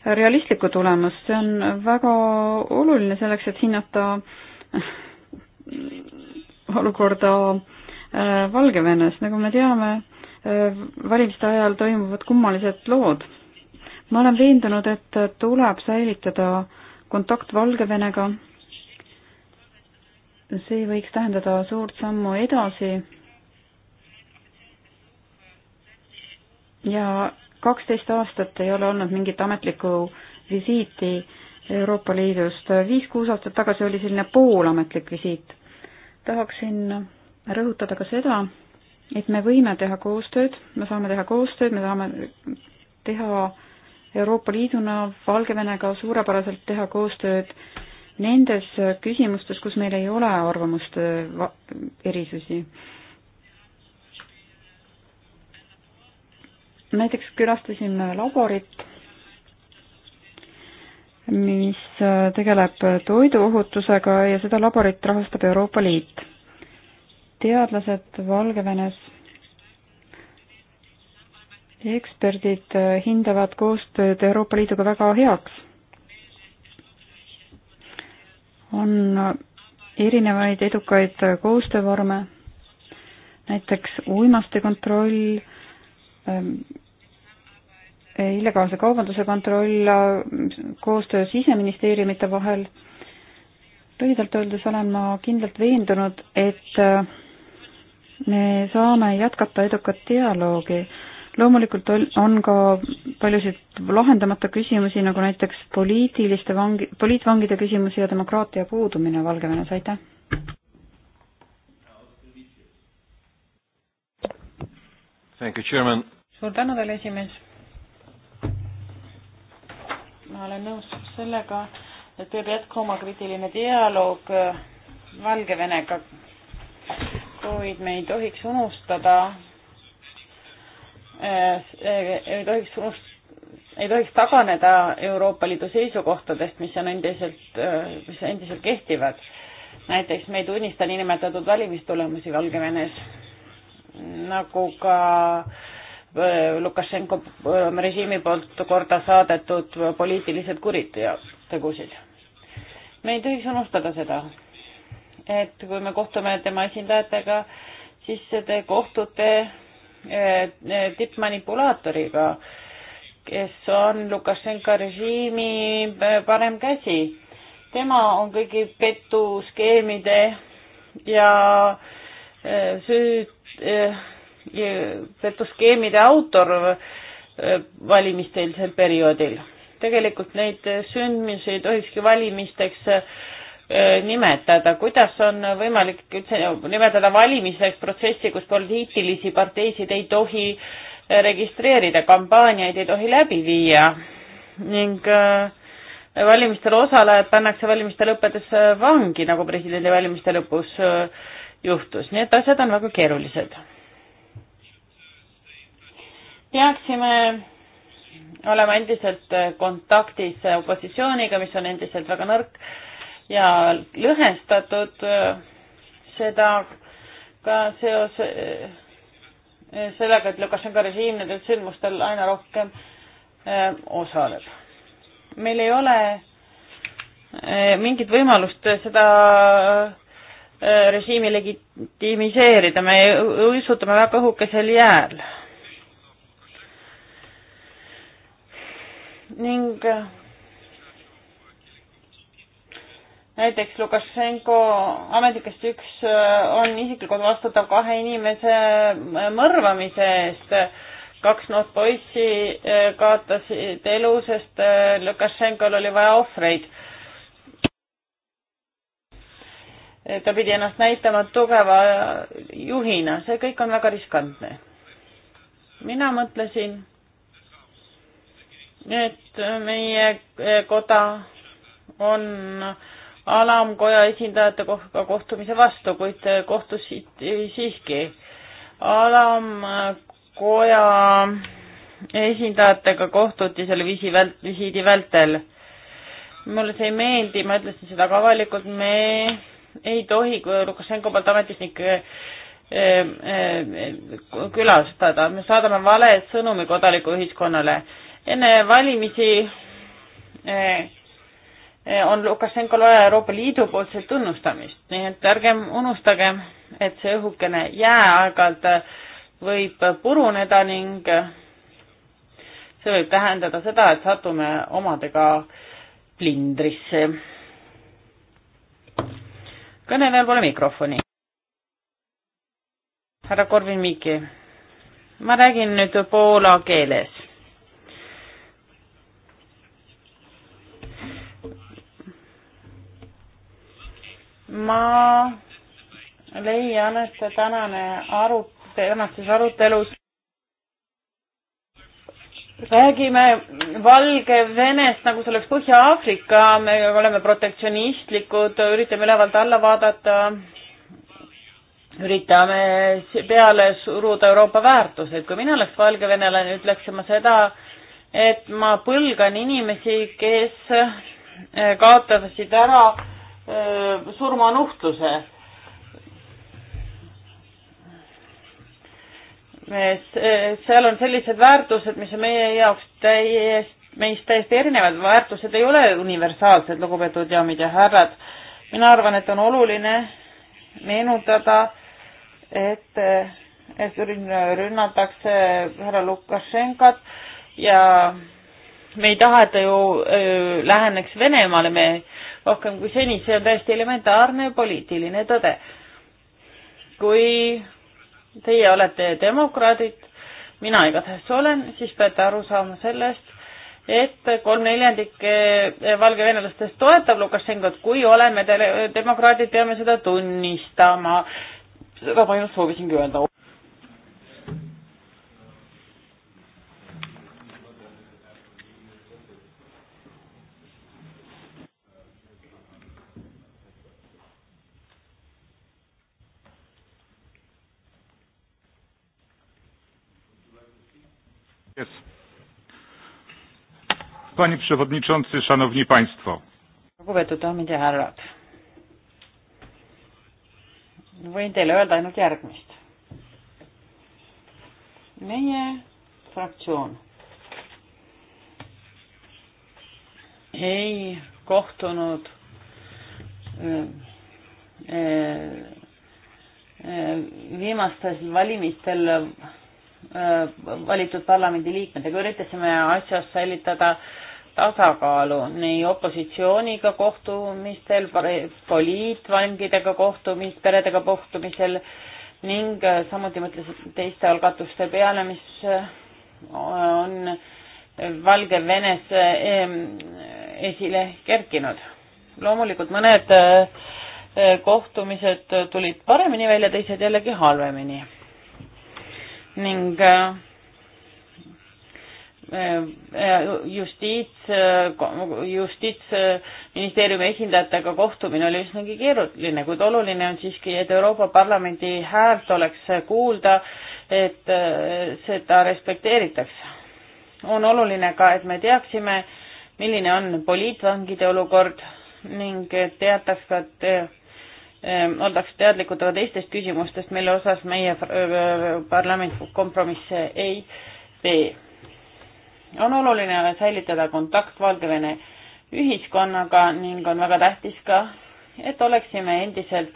realistlikku tulemust, see on väga oluline selleks, et hinnata olukorda äh, Äh, Valgevenes, nagu me teame, äh, valimiste ajal toimuvad kummalised lood. ma olen veendunud, et tuleb säilitada kontakt Valgevenega. see võiks tähendada suurt sammu edasi. ja kaksteist aastat ei ole olnud mingit ametlikku visiiti Euroopa Liidust. viis-kuus aastat tagasi oli selline poolametlik visiit. tahaksin rõhutada ka seda, et me võime teha koostööd, me saame teha koostööd, me saame teha Euroopa Liiduna, Valgevenega suurepäraselt teha koostööd nendes küsimustes, kus meil ei ole arvamuste äh, erisusi. näiteks külastasime laborit, mis äh, tegeleb toiduohutusega ja seda laborit rahastab Euroopa Liit teadlased Valgevenes, eksperdid äh, hindavad koostööd Euroopa Liiduga väga heaks. on erinevaid edukaid koostöövorme, näiteks uimaste kontroll, ähm, illegaalse kaubanduse kontroll, koostöö siseministeeriumite vahel. lühidalt öeldes olen ma kindlalt veendunud, et äh, me saame jätkata edukat dialoogi. loomulikult on ka paljusid lahendamata küsimusi, nagu näiteks poliitiliste vangi, poliitvangide küsimusi ja demokraatia puudumine Valgevenes, aitäh! suur tänu teile, esimees! ma olen nõus sellega, et peab jätkuma kriitiline dialoog Valgevenega kuid me ei tohiks unustada, eh, eh, ei tohiks unust-, ei tohiks taganeda Euroopa Liidu seisukohtadest, mis on endiselt, eh, mis endiselt kehtivad. näiteks me ei tunnista niinimetatud valimistulemusi Valgevenes, nagu ka Lukašenko režiimi poolt korda saadetud poliitilised kuriteod, tegusid. me ei tohiks unustada seda et kui me kohtume tema esindajatega, siis te kohtute eh, tippmanipulaatoriga, kes on Lukašenka režiimi eh, parem käsi. tema on kõigi petuskeemide ja eh, süüd, petuskeemide autor valimiste eelsel perioodil. tegelikult neid sündmusi ei tohikski valimisteks Äh, nimetada, kuidas on võimalik üldse nimetada valimiseks protsessi, kus poliitilisi parteisid ei tohi äh, registreerida, kampaaniaid ei tohi läbi viia ning äh, valimistel osalejad pannakse valimiste lõppedes vangi, nagu presidendivalimiste lõpus juhtus, nii et asjad on väga keerulised. peaksime olema endiselt kontaktis opositsiooniga, mis on endiselt väga nõrk ja lõhestatud äh, seda ka seoses äh, sellega, et Lukašenka režiim nendel sündmustel aina rohkem äh, osaleb. meil ei ole mingit võimalust seda režiimi legitimiseerida, me uisutame väga õhukesel jääl. ning näiteks Lukašenko ametnikest üks äh, on isiklikult vastutav kahe inimese äh, mõrvamise eest. kaks noort poissi äh, kaotasid elu, sest Lukašenkol oli vaja ohvreid. ta pidi ennast näitama tugeva juhina, see kõik on väga riskantne. mina mõtlesin, et meie koda on äh, alamkoja esindajate kohtumise vastu, kuid kohtusid siiski alamkoja esindajatega kohtuti selle visi vält-, visiidi vältel. mulle see ei meeldi, ma ütlesin seda ka avalikult, me ei tohi Lukašenko poolt ametisnikke eh, eh, külastada, me saadame vale sõnumi kodanikuühiskonnale. enne valimisi eh, Eh, on Lukašenkol vaja Euroopa Liidu poolset tunnustamist, nii et ärgem unustagem, et see õhukene jää aeg-ajalt eh, võib puruneda ning eh, see võib tähendada seda, et satume omadega plindrisse. kõnelejal pole mikrofoni. härra Korvin Mikki, ma räägin nüüd poola keeles ma leian, et tänane aru, tänases arutelus räägime Valgevenest nagu see oleks Põhja-Aafrika, me oleme protektsionistlikud, üritame ülevalt alla vaadata, üritame peale suruda Euroopa väärtuseid. kui mina oleks valgevenelane, ütleksin ma seda, et ma põlgan inimesi, kes kaotasid ära Äh, surmanuhtluse. Äh, seal on sellised väärtused, mis on meie jaoks täiesti, meist täiesti erinevad, väärtused ei ole universaalsed, lugupeetud daamid ja härrad. mina arvan, et on oluline meenutada, et, äh, et rünnatakse härra Lukašenkat ja me ei taha, et ta ju öö, läheneks Venemaale, me rohkem kui seni, see on täiesti elementaarne poliitiline tõde. kui teie olete demokraadid, mina igatahes olen, siis peate aru saama sellest, et kolm neljandike eh, valgevenelastest toetab Lukašenkot, kui oleme demokraadid, peame seda tunnistama. seda ma ainult soovisingi öelda. Yes. Panie przewodniczący, szanowni państwo. lugupeetud daamid ja härrad. võin teile öelda ainult järgmist. meie fraktsioon ei kohtunud eh, eh, viimastel valimistel Äh, valitud parlamendiliikmetega, üritasime asjas säilitada tasakaalu nii opositsiooniga kohtumistel, poliitvangidega kohtumist, peredega kohtumisel ning äh, samuti mõtlesin teiste algatuste peale, mis äh, on Valgevenes esile kerkinud. loomulikult mõned kohtumised tulid paremini välja, teised jällegi halvemini ning äh, äh, justiits, äh, justiitsministeeriumi esindajatega kohtumine oli üsnagi keeruline, kuid oluline on siiski, et Euroopa Parlamendi häält oleks kuulda, et seda respekteeritaks. on oluline ka, et me teaksime, milline on poliitvangide olukord ning teataks ka, et Ehm, oldaks teadlikud ka teistest küsimustest, mille osas meie parlament kompromisse ei tee. on oluline säilitada kontakt Valgevene ühiskonnaga ning on väga tähtis ka, et oleksime endiselt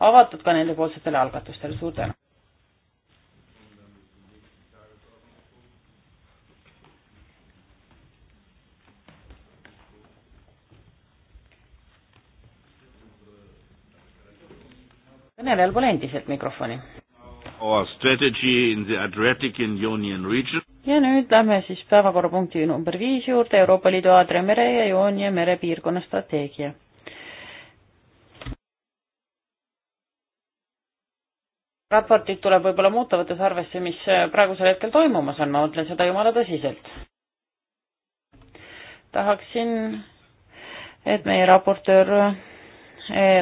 avatud ka nendepoolsetele algatustele. suur tänu! kõnelejal pole endiselt mikrofoni. ja nüüd lähme siis päevakorrapunkti number viis juurde, Euroopa Liidu Aadria mere ja Joonia merepiirkonna strateegia raportit tuleb võib-olla muuta, võttes arvesse, mis praegusel hetkel toimumas on, ma mõtlen seda jumala tõsiselt. tahaksin, et meie raportöör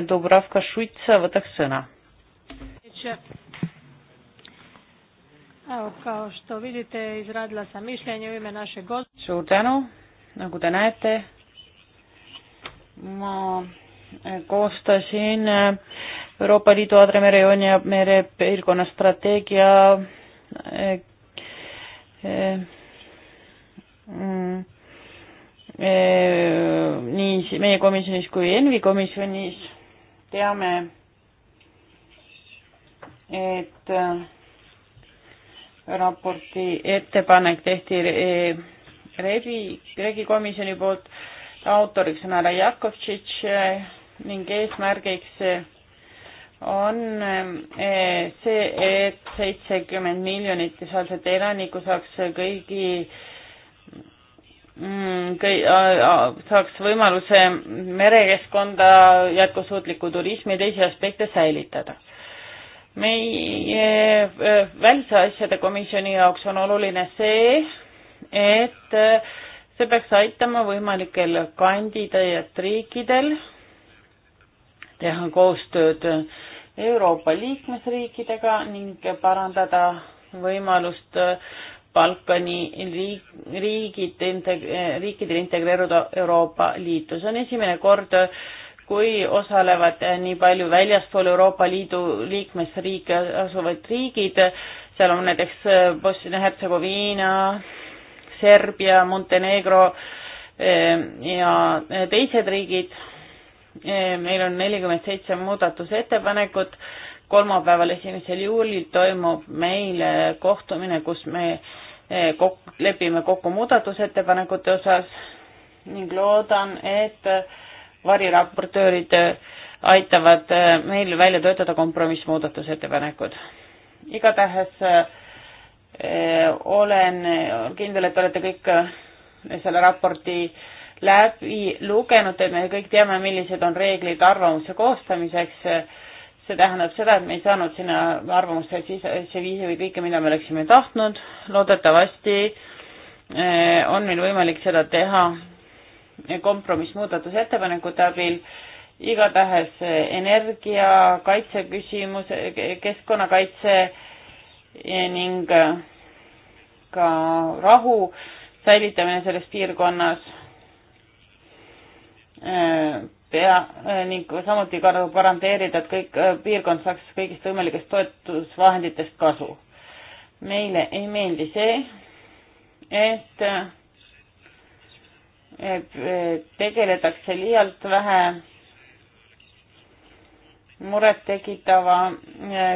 Dubravka Šuica võtaks sõna. suur tänu, nagu te näete, ma koostasin Euroopa Liidu Adremerejooni ja merepiirkonna strateegia eh, eh, mm, Äh, nii meie komisjonis kui Envi komisjonis teame, et äh, raporti ettepanek tehti äh, Regi, Regi komisjoni poolt, autoriks on härra Jakovtšitš ning eesmärgiks on see, et seitsekümmend miljonit sealset elanikku saaks kõigi äh, Mm, kõi-, saaks võimaluse merekeskkonda jätkusuutliku turismi teisi aspekte säilitada. meie e, välisasjade komisjoni jaoks on oluline see, et e, see peaks aitama võimalikel kandidaatriikidel teha koostööd Euroopa liikmesriikidega ning parandada võimalust äh, Balkani riigid, riikidel integreeruda Euroopa Liitu. see on esimene kord, kui osalevad nii palju väljaspool Euroopa Liidu liikmesriike asuvad riigid, seal on näiteks Bosnia-Hertsegoviina, Serbia, Montenegro eh, ja teised riigid. Eh, meil on nelikümmend seitse muudatusettepanekut kolmapäeval, esimesel juulil toimub meil kohtumine, kus me Eh, kok-, lepime kokku muudatusettepanekute osas ning loodan, et eh, variraportöörid eh, aitavad meil välja töötada kompromissmuudatusettepanekud. igatahes olen kindel, et olete kõik selle raporti läbi lugenud, et me kõik teame, millised on reeglid arvamuse koostamiseks see tähendab seda, et me ei saanud sinna arvamusse sisse viisi või kõike, mida me oleksime tahtnud, loodetavasti eh, on meil võimalik seda teha kompromissmuudatusettepanekute abil, igatahes eh, energia, kaitseküsimus, eh, keskkonnakaitse ning ka rahu säilitamine selles piirkonnas pea eh, ning samuti garanteerida, et kõik eh, piirkond saaks kõigist võimalikest toetusvahenditest kasu. meile ei meeldi see, et eh, tegeletakse liialt vähe murettekitava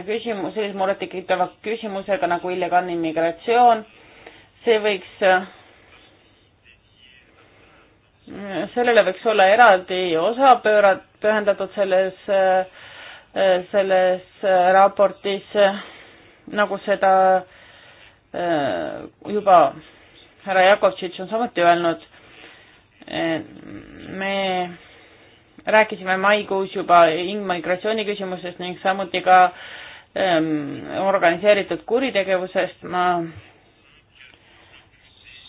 küsimus, sellise murettekitava küsimusega nagu illegaalne immigratsioon, see võiks sellele võiks olla eraldi osa pöörat-, pühendatud selles, selles raportis, nagu seda äh, juba härra Jakovtšitš on samuti öelnud. Eh, me rääkisime maikuus juba immigratsiooni küsimusest ning samuti ka ähm, organiseeritud kuritegevusest, ma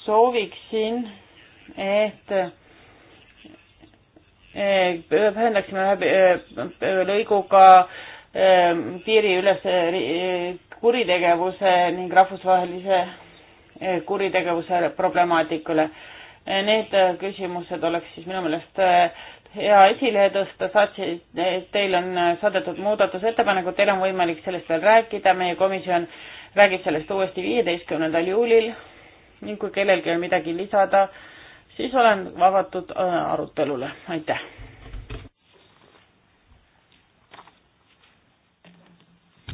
sooviksin, et ühendaksime eh, ühe eh, lõiguga eh, piiriülese kuritegevuse ning rahvusvahelise kuritegevuse problemaatikale. Need küsimused oleks siis minu meelest hea esile tõsta, saatsid, teil on saadetud muudatusettepanekud, teil on võimalik sellest veel rääkida, meie komisjon räägib sellest uuesti viieteistkümnendal juulil ning kui kellelgi on midagi lisada äh, siis olen avatud äh, arutelule, aitäh.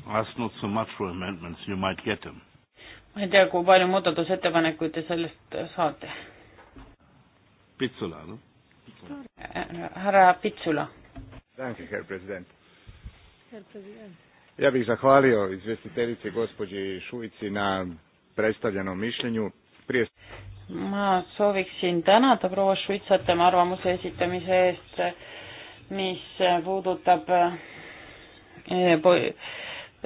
Ask not so much for amendments, you might get them. ma ei tea, kui palju muudatusettepanekuid te sellest äh, saate. Pitsula, noh. härra Pitsula. Danke, herr president. Herr president. Ja bih zahvalio izvjestiteljici gospođi Šuici na predstavljenom mišljenju. Prije ma sooviksin tänada proua Švitsat tema arvamuse esitamise eest, mis puudutab eh,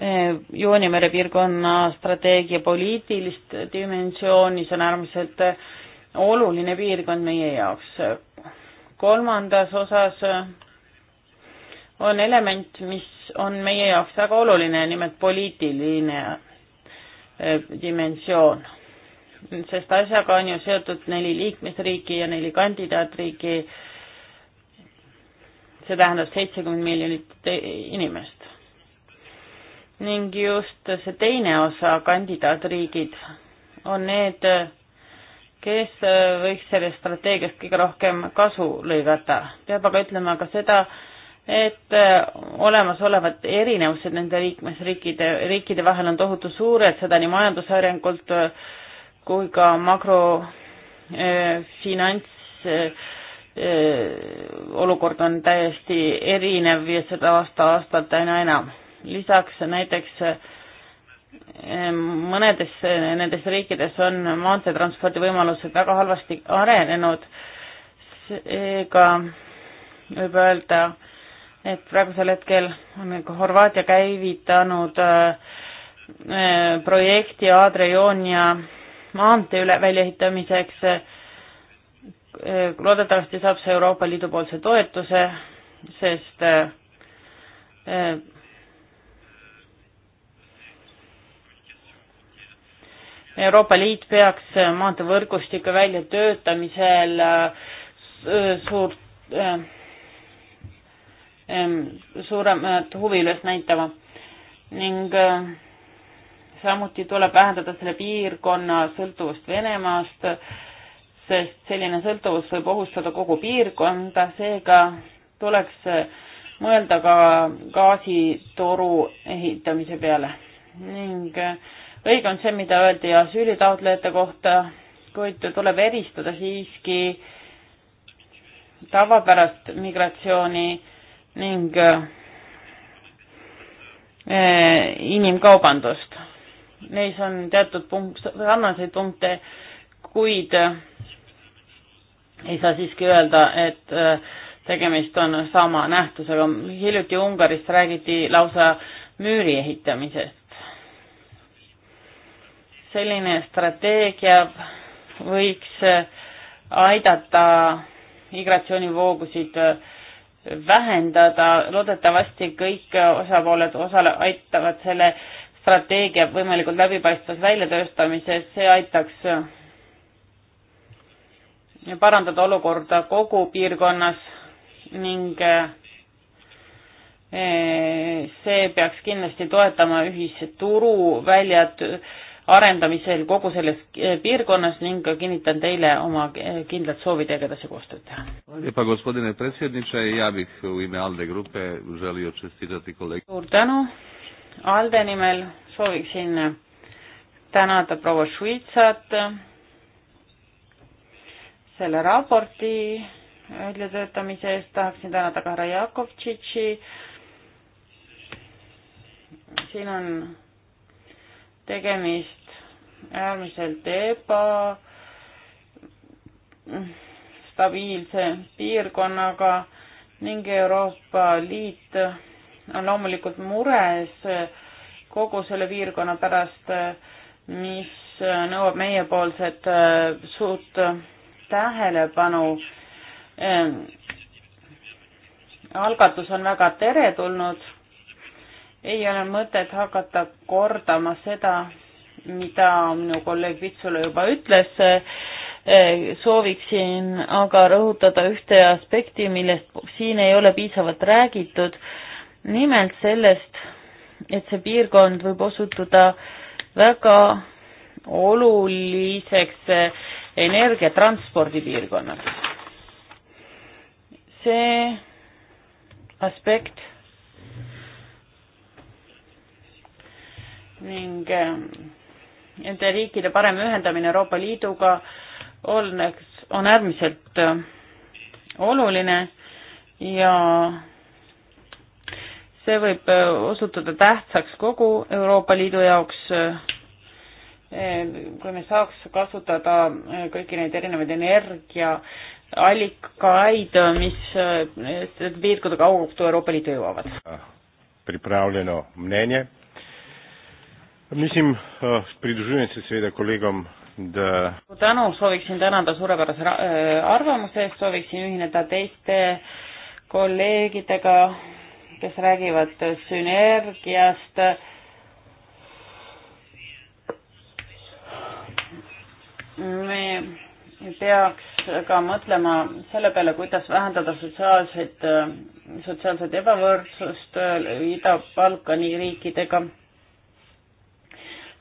eh, Joonimere piirkonna strateegia poliitilist dimensiooni, see on äärmiselt oluline piirkond meie jaoks. kolmandas osas on element, mis on meie jaoks väga oluline, nimelt poliitiline eh, dimensioon sest asjaga on ju seotud neli liikmesriiki ja neli kandidaatriiki. see tähendab seitsekümmend miljonit inimest. ning just see teine osa, kandidaatriigid, on need, kes võiks sellest strateegiast kõige rohkem kasu lõigata. peab aga ütlema ka seda, et olemasolevad erinevused nende liikmesriikide, riikide vahel on tohutu suured, seda nii majanduse arengult äh, kui ka makrofinants eh, eh, eh, olukord on täiesti erinev ja seda aasta-aastalt aina enam. lisaks näiteks eh, mõnedes nendes riikides on maanteetranspordi võimalused väga halvasti arenenud, seega võib öelda, et praegusel hetkel on Horvaatia käivitanud projekti Adria Joonia maantee üle väljaehitamiseks. loodetavasti saab see Euroopa Liidu poolse toetuse, sest eh, Euroopa Liit peaks maanteevõrgustike väljatöötamisel eh, suurt, eh, suuremat huvi üles näitama ning samuti tuleb vähendada selle piirkonna sõltuvust Venemaast, sest selline sõltuvus võib ohustada kogu piirkonda, seega tuleks mõelda ka gaasitoru ehitamise peale. ning õige on see, mida öeldi asüülitaotlejate kohta, kuid tuleb eristada siiski tavapärast migratsiooni ning eh, inimkaubandust neis on teatud punkt, sarnaseid punkte, kuid äh, ei saa siiski öelda, et äh, tegemist on sama nähtusega. hiljuti Ungaris räägiti lausa müüri ehitamisest. selline strateegia võiks äh, aidata migratsioonivoogusid vähendada, loodetavasti kõik osapooled osale-, aitavad selle äh, strateegia võimalikult läbipaistvas väljatöötamises, see aitaks äh, parandada olukorda kogu piirkonnas ning äh, see peaks kindlasti toetama ühisturu välja arendamisel kogu selles äh, piirkonnas ning ka kinnitan teile oma kindlad soovid ja edasi koostööd teha. suur tänu ALDE nimel sooviksin tänada proua Švitsat selle raporti väljatöötamise eest, tahaksin tänada ka härra Jakovtšitši. siin on tegemist äärmiselt ebastabiilse piirkonnaga ning Euroopa Liit on loomulikult mures eh, kogu selle piirkonna pärast, eh, mis eh, nõuab meiepoolset suurt tähelepanu. algatus on väga teretulnud. ei ole mõtet hakata kordama seda, mida minu kolleeg Vitsula juba ütles sooviksin aga rõhutada ühte aspekti, millest siin ei ole piisavalt räägitud nimelt sellest, et see piirkond võib osutuda väga oluliseks energiatranspordi piirkonnaks. see aspekt ning eh, nende riikide parem ühendamine Euroopa Liiduga on, on äärmiselt eh, oluline ja see võib äh, osutuda tähtsaks kogu Euroopa Liidu jaoks, äh, kui me saaks kasutada äh, kõiki neid erinevaid energiaallikaid, mis piirkonna kaudu Euroopa Liitu jõuavad. pripravljeno mnenje. Mislim, pridružujem se seveda kolegom, da. tänu, sooviksin tänada suurepärase arvamuse eest, sooviksin ühineda teiste kolleegidega kes räägivad sünergiast. me peaks ka mõtlema selle peale, kuidas vähendada sotsiaalseid, sotsiaalset ebavõrdsust Ida-Balkani riikidega.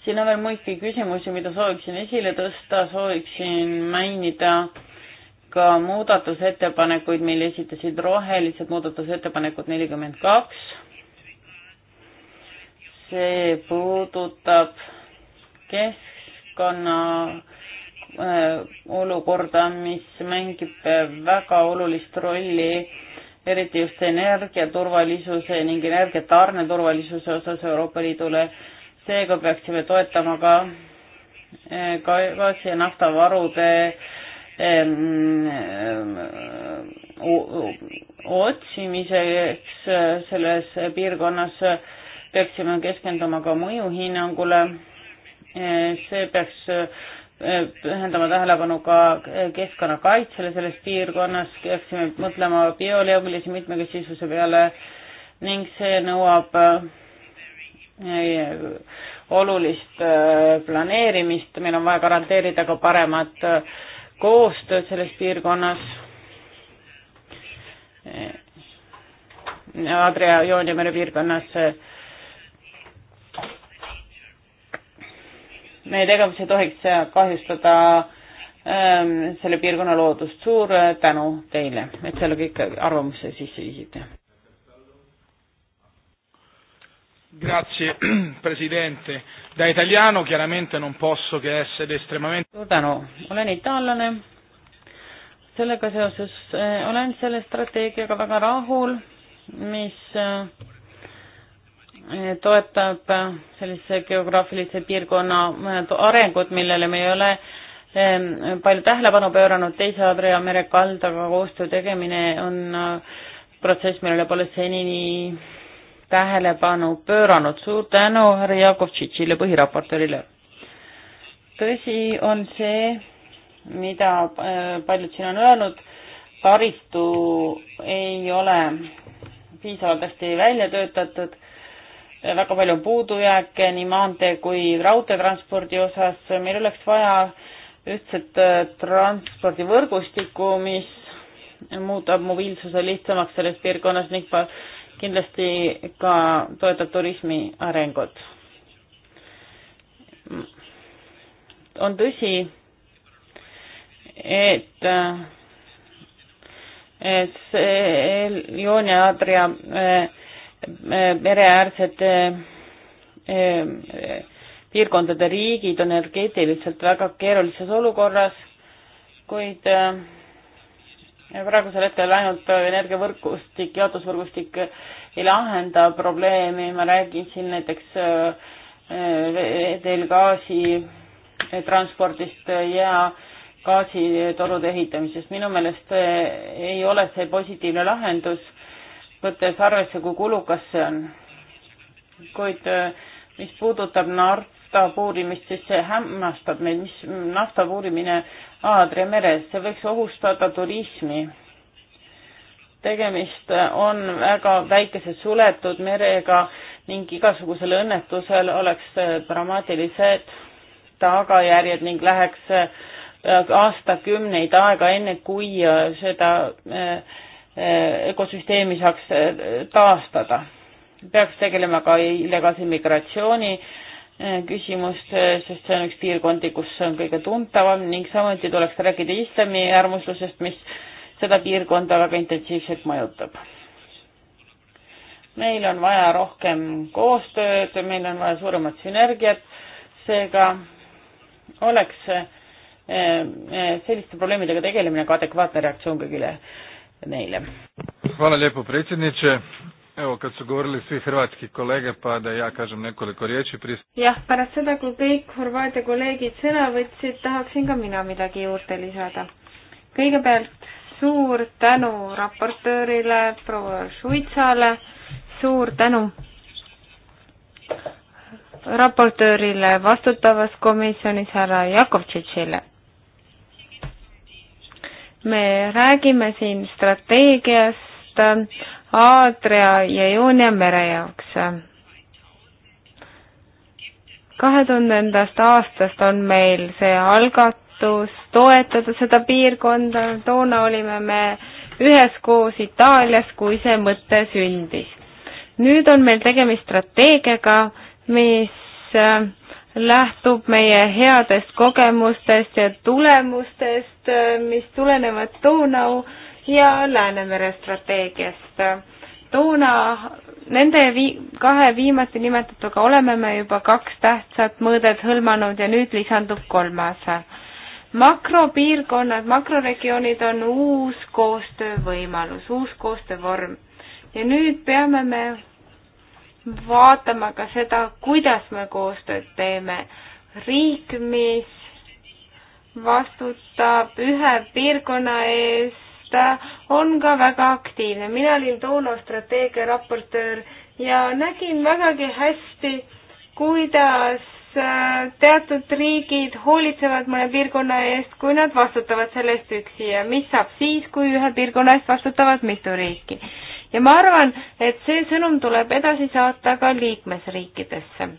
siin on veel muidki küsimusi, mida sooviksin esile tõsta, sooviksin mainida äh, ka muudatusettepanekuid, mille esitasid rohelised muudatusettepanekud nelikümmend kaks. see puudutab keskkonna äh, olukorda, mis mängib väga olulist rolli, eriti just energiaturvalisuse ning energiatarne turvalisuse osas Euroopa Liidule. seega peaksime toetama ka gaasi äh, ja naftavarude otsimiseks äh, selles piirkonnas äh, peaksime keskenduma ka mõjuhinnangule. Äh, see peaks pühendama tähelepanu ka keskkonnakaitsele selles piirkonnas, peaksime mõtlema bioleomilise mitmekesisuse peale ning see nõuab olulist planeerimist, meil on vaja garanteerida ka paremat koostööd selles piirkonnas. Adria Joonia mere piirkonnas. meie tegevus ei tohiks kahjustada ähm, selle piirkonna loodust. suur tänu teile, et selle kõik arvamusse sisse viisite. Grazie *clears throat* Presidente. Da italiano chiaramente non posso che essere estremamente... suur tänu, olen itaallane, sellega seoses eh, olen selle strateegiaga väga rahul, mis eh, eh toetab eh, sellise geograafilise piirkonna eh, arengut, millele me ei ole eh, palju tähelepanu pööranud, teise Adria mere kaldaga koostöö tegemine on protsess, millele pole senini tähelepanu pööranud. suur tänu härra Jakovtšitšile, põhiraportorile. tõsi on see, mida äh, paljud siin on öelnud, taristu ei ole piisavalt hästi välja töötatud, väga palju on puudujääke nii maantee kui raudteetranspordi osas, meil oleks vaja ühtset äh, transpordivõrgustikku, mis muudab mobiilsuse lihtsamaks selles piirkonnas ning kindlasti ka toetab turismi arengut. on tõsi, et, et see Joon ja Adria eh, eh, mereäärsete eh, piirkondade riigid on energeetiliselt väga keerulises olukorras, kuid äh, praegusel hetkel ainult energiavõrgustik, jaotusvõrgustik ei lahenda probleemi, ma räägin siin näiteks eh, veetel gaasi eh, transpordist ja gaasitorude ehitamisest. minu meelest eh, ei ole see positiivne lahendus, võttes arvesse, kui kulukas see on. kuid mis puudutab Nord nafta puurimist, siis see hämmastab meid, mis nafta puurimine Aadria meres, see võiks ohustada turismi. tegemist on väga väikese suletud merega ning igasugusel õnnetusel oleks dramaatilised tagajärjed ning läheks äh, aastakümneid aega, enne kui äh, seda äh, ökosüsteemi saaks taastada. peaks tegelema ka illegaalse migratsiooni Eh, küsimust, eh, sest see on üks piirkondi, kus see on kõige tuntavam ning samuti tuleks rääkida islami äärmuslusest, mis seda piirkonda väga intensiivselt mõjutab. meil on vaja rohkem koostööd, meil on vaja suuremat sünergiat, seega oleks eh, selliste probleemidega tegelemine ka adekvaatne reaktsioon kõigile neile. Hvala lijepo predsjedniče Evo, kad su govorili svi hrvatski kolege, pa da ja kažem nekoliko riječi. Prist... Jah, pärast seda, kui kõik Horvaatia kolleegid sõna võtsid, tahaksin ka mina midagi juurde lisada. Kõigepealt suur tänu raportöörile, proua Suitsale, suur tänu raportöörile vastutavas komisjonis härra Jakovtšitšile. Me räägime siin strateegiast, Aadria ja Ioonia mere jaoks. kahe tuhandendast aastast on meil see algatus toetada seda piirkonda, toona olime me üheskoos Itaalias, kui see mõte sündis. nüüd on meil tegemist strateegiaga, mis äh, lähtub meie headest kogemustest ja tulemustest, äh, mis tulenevad Donau ja Läänemere strateegiast. toona nende vii-, kahe viimati nimetatuga oleme me juba kaks tähtsat mõõdet hõlmanud ja nüüd lisandub kolmas. makropiirkonnad, makroregioonid on uus koostöövõimalus, uus koostöövorm. ja nüüd peame me vaatama ka seda, kuidas me koostööd teeme. riik, mis vastutab ühe piirkonna ees, Äh, on ka väga aktiivne. mina olin toona strateegia raportöör ja nägin vägagi hästi, kuidas äh, teatud riigid hoolitsevad mõne piirkonna eest, kui nad vastutavad selle eest üksi ja mis saab siis, kui ühe piirkonna eest vastutavad mitu riiki. ja ma arvan, et see sõnum tuleb edasi saata ka liikmesriikidesse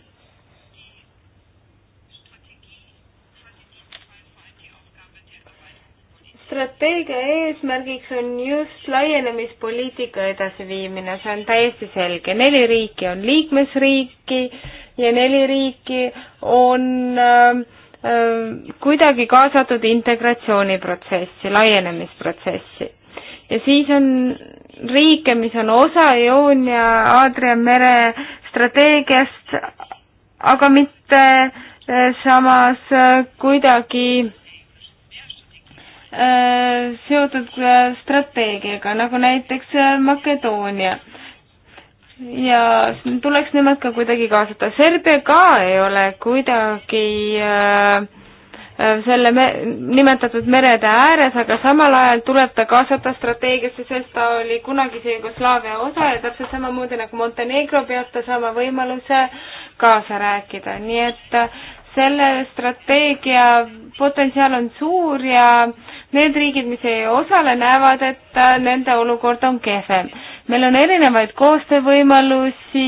strateegia eesmärgiks on just laienemispoliitika edasiviimine, see on täiesti selge, neli riiki on liikmesriiki ja neli riiki on äh, kuidagi kaasatud integratsiooniprotsessi, laienemisprotsessi. ja siis on riike, mis on osa Ioonia Aadria mere strateegiast, aga mitte äh, samas äh, kuidagi seotud strateegiaga, nagu näiteks äh, Makedoonia. ja tuleks nemad ka kuidagi kaasata, Serbia ka ei ole kuidagi äh, äh, selle me-, nimetatud merede ääres, aga samal ajal tuleb ta kaasata strateegiasse, sest ta oli kunagise Jugoslaavia osa ja täpselt samamoodi nagu Montenegro peab ta saama võimaluse kaasa rääkida, nii et äh, selle strateegia potentsiaal on suur ja äh, Need riigid, mis ei osale, näevad, et äh, nende olukord on kehvem. meil on erinevaid koostöövõimalusi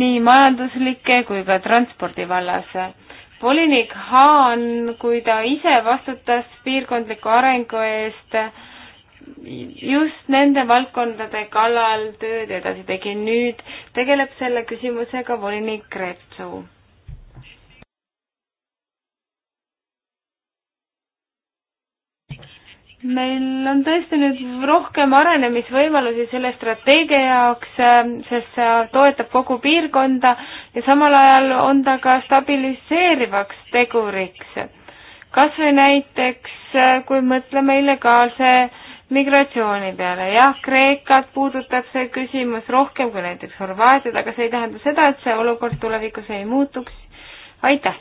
nii majanduslike kui ka transpordi vallas. volinik Haan, kui ta ise vastutas piirkondliku arengu eest, just nende valdkondade kallal tööd edasi tegi. nüüd tegeleb selle küsimusega volinik Kretsu meil on tõesti nüüd rohkem arenemisvõimalusi selle strateegia jaoks, äh, sest see toetab kogu piirkonda ja samal ajal on ta ka stabiliseerivaks teguriks. kas või näiteks, äh, kui mõtleme illegaalse migratsiooni peale, jah, Kreekat puudutab see küsimus rohkem kui näiteks Horvaatiat, aga see ei tähenda seda, et see olukord tulevikus ei muutuks. aitäh!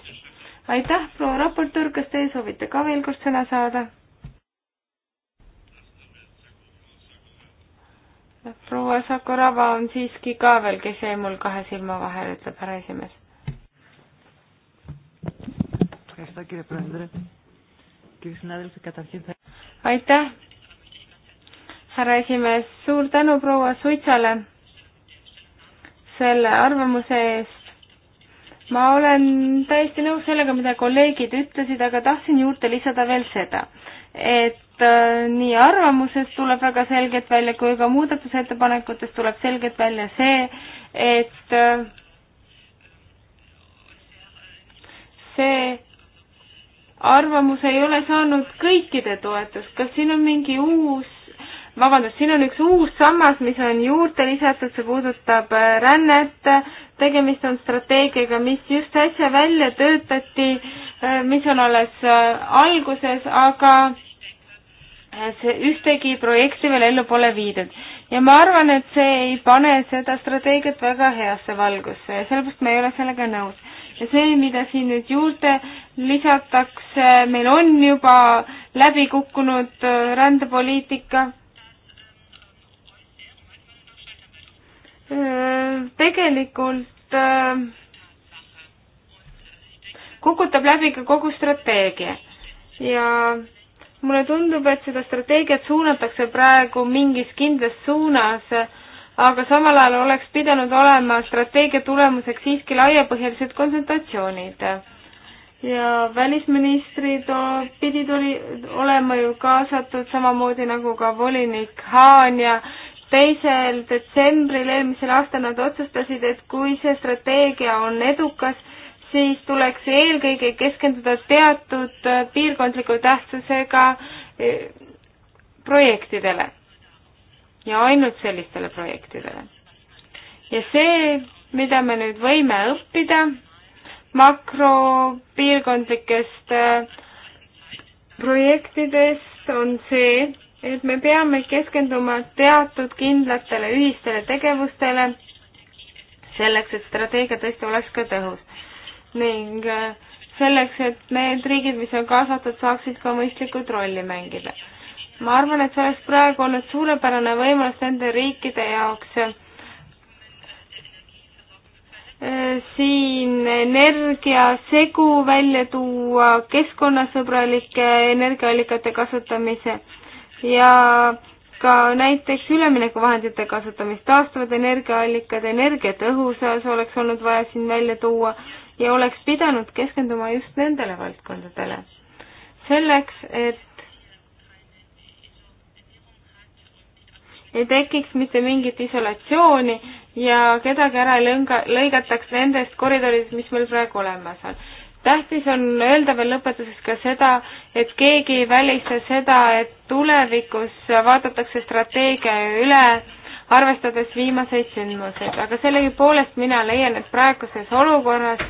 aitäh, proua raportöör, kas teie soovite ka veel kord sõna saada? proua Sakurava on siiski ka veel, kes jäi mul kahe silma vahele, ütleb härra esimees. aitäh, härra esimees, suur tänu proua Suitsale selle arvamuse eest. ma olen täiesti nõus sellega, mida kolleegid ütlesid, aga tahtsin juurde lisada veel seda, et äh, nii arvamusest tuleb väga selgelt välja kui ka muudatusettepanekutest tuleb selgelt välja see, et äh, see arvamus ei ole saanud kõikide toetust, kas siin on mingi uus, vabandust, siin on üks uus sammas, mis on juurde lisatud, see puudutab äh, rännet, tegemist on strateegiaga, mis just äsja välja töötati, mis on alles alguses, aga see ühtegi projekti veel ellu pole viidud. ja ma arvan, et see ei pane seda strateegiat väga heasse valgusse ja sellepärast ma ei ole sellega nõus. ja see, mida siin nüüd juurde lisatakse, meil on juba läbi kukkunud äh, rändepoliitika, äh, tegelikult äh, kukutab läbi ka kogu strateegia ja mulle tundub, et seda strateegiat suunatakse praegu mingis kindlas suunas, aga samal ajal oleks pidanud olema strateegia tulemuseks siiski laiapõhjalised konsultatsioonid. ja välisministrid pidid oli, olema ju kaasatud, samamoodi nagu ka volinik Haan ja teisel detsembril eelmisel aastal nad otsustasid, et kui see strateegia on edukas, siis tuleks eelkõige keskenduda teatud äh, piirkondliku tähtsusega äh, projektidele ja ainult sellistele projektidele. ja see, mida me nüüd võime õppida makropiirkondlikest äh, projektidest, on see, et me peame keskenduma teatud kindlatele ühistele tegevustele selleks, et strateegia tõesti oleks ka tõhus ning äh, selleks, et need riigid, mis on kaasatud, saaksid ka mõistlikult rolli mängida. ma arvan, et see oleks praegu olnud suurepärane võimalus nende riikide jaoks äh, siin energiasegu välja tuua, keskkonnasõbralike energiaallikate kasutamise ja ka näiteks üleminekuvahendite kasutamist, taastuvad energiaallikad, energiatõhusus oleks olnud vaja siin välja tuua ja oleks pidanud keskenduma just nendele valdkondadele. selleks, et ei tekiks mitte mingit isolatsiooni ja kedagi ära ei lõnga, lõigataks nendest koridoridest, mis meil praegu olemas on tähtis on öelda veel lõpetuseks ka seda, et keegi ei välista seda, et tulevikus vaadatakse strateegia üle arvestades viimaseid sündmuseid, aga sellegipoolest mina leian, et praeguses olukorras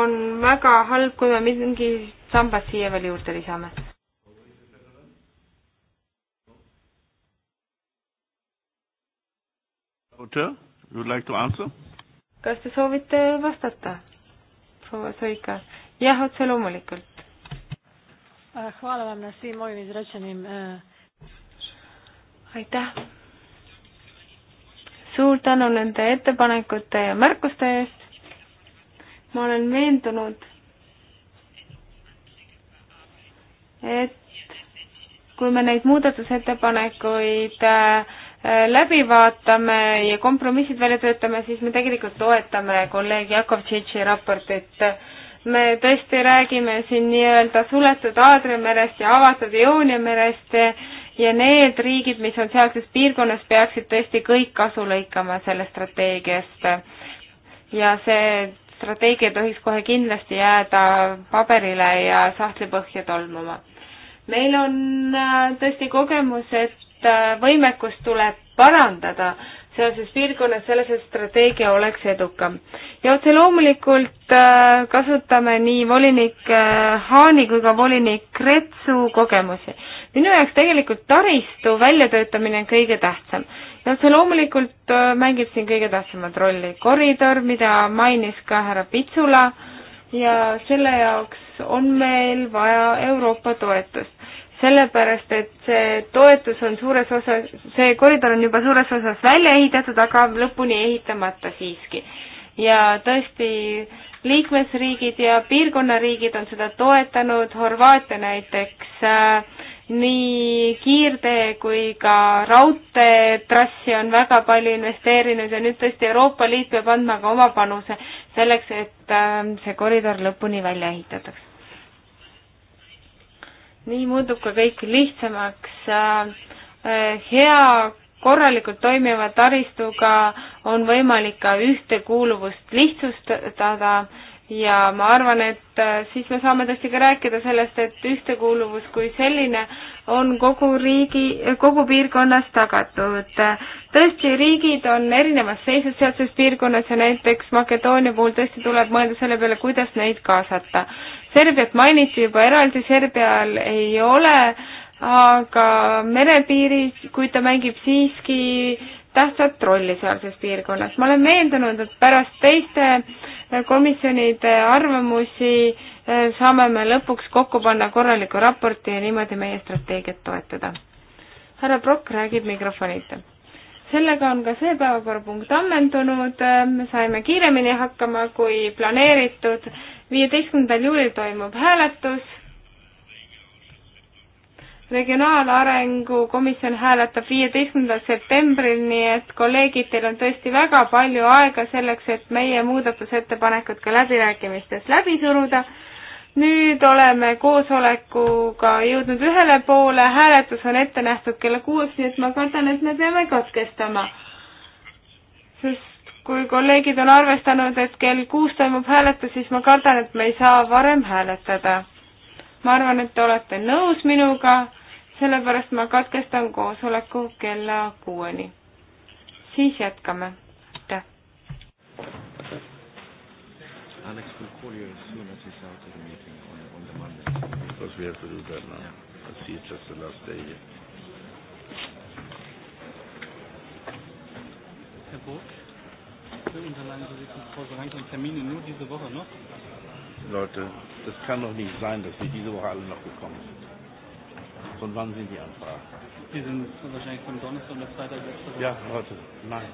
on väga halb, kui me mingi sambad siia veel juurde lisame. kas te soovite vastata, proua Soika? jah, otse loomulikult. Eh, aitäh suur tänu nende ettepanekute ja märkuste eest. ma olen veendunud, et kui me neid muudatusettepanekuid äh, läbi vaatame ja kompromissid välja töötame, siis me tegelikult toetame kolleeg Jakov Tšitši raportit me tõesti räägime siin nii-öelda suletud Aadria merest ja avatud Ioonia merest ja need riigid, mis on sealses piirkonnas, peaksid tõesti kõik kasu lõikama sellest strateegiast. ja see strateegia tohiks kohe kindlasti jääda paberile ja sahtlipõhja tolmuma. meil on äh, tõesti kogemus, et äh, võimekust tuleb parandada sealses piirkonnas, selles, et strateegia oleks edukam. ja otse loomulikult äh, kasutame nii volinik Haani kui ka volinik Kretsu kogemusi minu jaoks tegelikult taristu väljatöötamine on kõige tähtsam. ja see loomulikult äh, mängib siin kõige tähtsamat rolli. koridor, mida mainis ka härra Pitsula ja selle jaoks on meil vaja Euroopa toetust. sellepärast, et see toetus on suures osas, see koridor on juba suures osas välja ehitatud, aga lõpuni ehitamata siiski. ja tõesti, liikmesriigid ja piirkonnariigid on seda toetanud, Horvaatia näiteks äh, nii kiirtee kui ka raudteetrassi on väga palju investeerinud ja nüüd tõesti Euroopa Liit peab andma ka oma panuse selleks, et ähm, see koridor lõpuni välja ehitataks. nii muutub ka kõik lihtsamaks. Äh, äh, hea korralikult toimiva taristuga on võimalik ka ühtekuuluvust lihtsustada ja ma arvan, et äh, siis me saame tõesti ka rääkida sellest, et ühtekuuluvus kui selline on kogu riigi, kogu piirkonnas tagatud. tõesti, riigid on erinevas seisus sealses piirkonnas ja näiteks Makedoonia puhul tõesti tuleb mõelda selle peale, kuidas neid kaasata. Serbiat mainiti juba eraldi, Serbial ei ole aga merepiiris, kui ta mängib siiski tähtsat rolli sealses piirkonnas. ma olen veendunud, et pärast teiste äh, komisjonide arvamusi äh, saame me lõpuks kokku panna korraliku raporti ja niimoodi meie strateegiat toetada. härra Prokk räägib mikrofonita. sellega on ka see päevakorrapunkt ammendunud, äh, me saime kiiremini hakkama kui planeeritud, viieteistkümnendal juulil toimub hääletus regionaalarengu komisjon hääletab viieteistkümnendal septembril, nii et kolleegid, teil on tõesti väga palju aega selleks, et meie muudatusettepanekud ka läbirääkimistes läbi suruda. nüüd oleme koosolekuga jõudnud ühele poole, hääletus on ette nähtud kella kuus, nii et ma kardan, et me peame katkestama. sest kui kolleegid on arvestanud, et kell kuus toimub hääletus, siis ma kardan, et me ei saa varem hääletada ma arvan, et te olete nõus minuga, sellepärast ma katkestan koosoleku kella kuueni. siis jätkame. aitäh. Alex will call you as soon as he's out of the meeting on, on the Monday. Because we have to do that now. Yeah. I see it's just the last day here. Herr Burg, für Unterlagen, Sie sind Frau Solanke und Termine nur diese Woche noch? Leute, das kann doch nicht sein, dass die diese Woche alle noch gekommen sind. Von wann sind die Anfragen? Die sind wahrscheinlich von Donnerstag und Freitag letzte Woche. Ja, Leute, nein.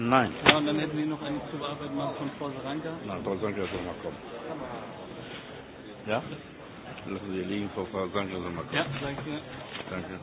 Nein. Ja, und dann hätten Sie noch eine zu bearbeiten machen von Frau Saranka. Nein, Frau Saranka soll mal kommen. Ja? Lassen Sie liegen, Frau Saranka soll mal kommen. Ja, danke. Danke.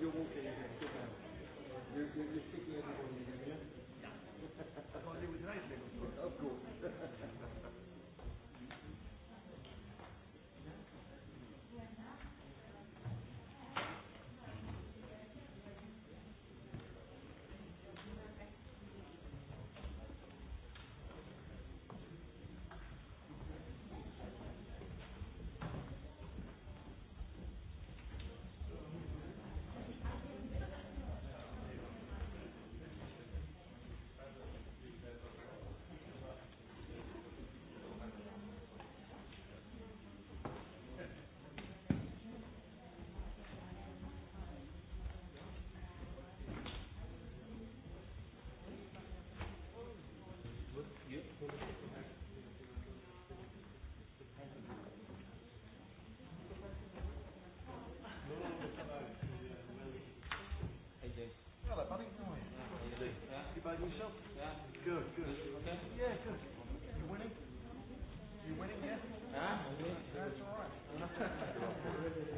you're walking in here. Sit down. You're, you're, you're sticking everybody in here. Yeah. That's what I do with the nice Of course. *laughs* By yourself? Yeah. Good, good. Okay? Yeah, good. You winning? You winning yet? Huh? That's all right. *laughs*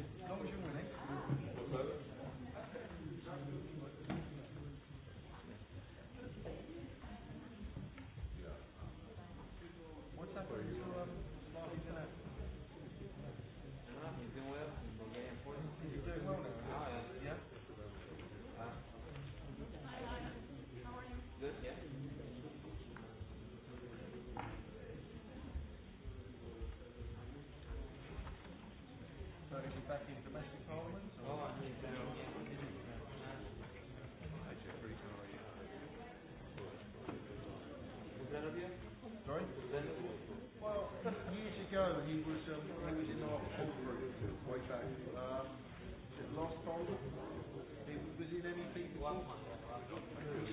Well, years ago he was um, he was in our whole group way back. Um, was it last time? He was in MEP. He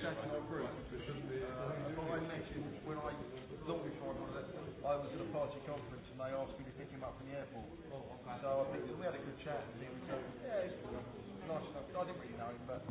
sat in our group. Uh, but I met him when I long before I was at I was at a party conference and they asked me to pick him up from the airport. So I picked him. We had a good chat and he was uh, yeah, he's nice enough. I didn't really know him, but.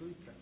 opinion on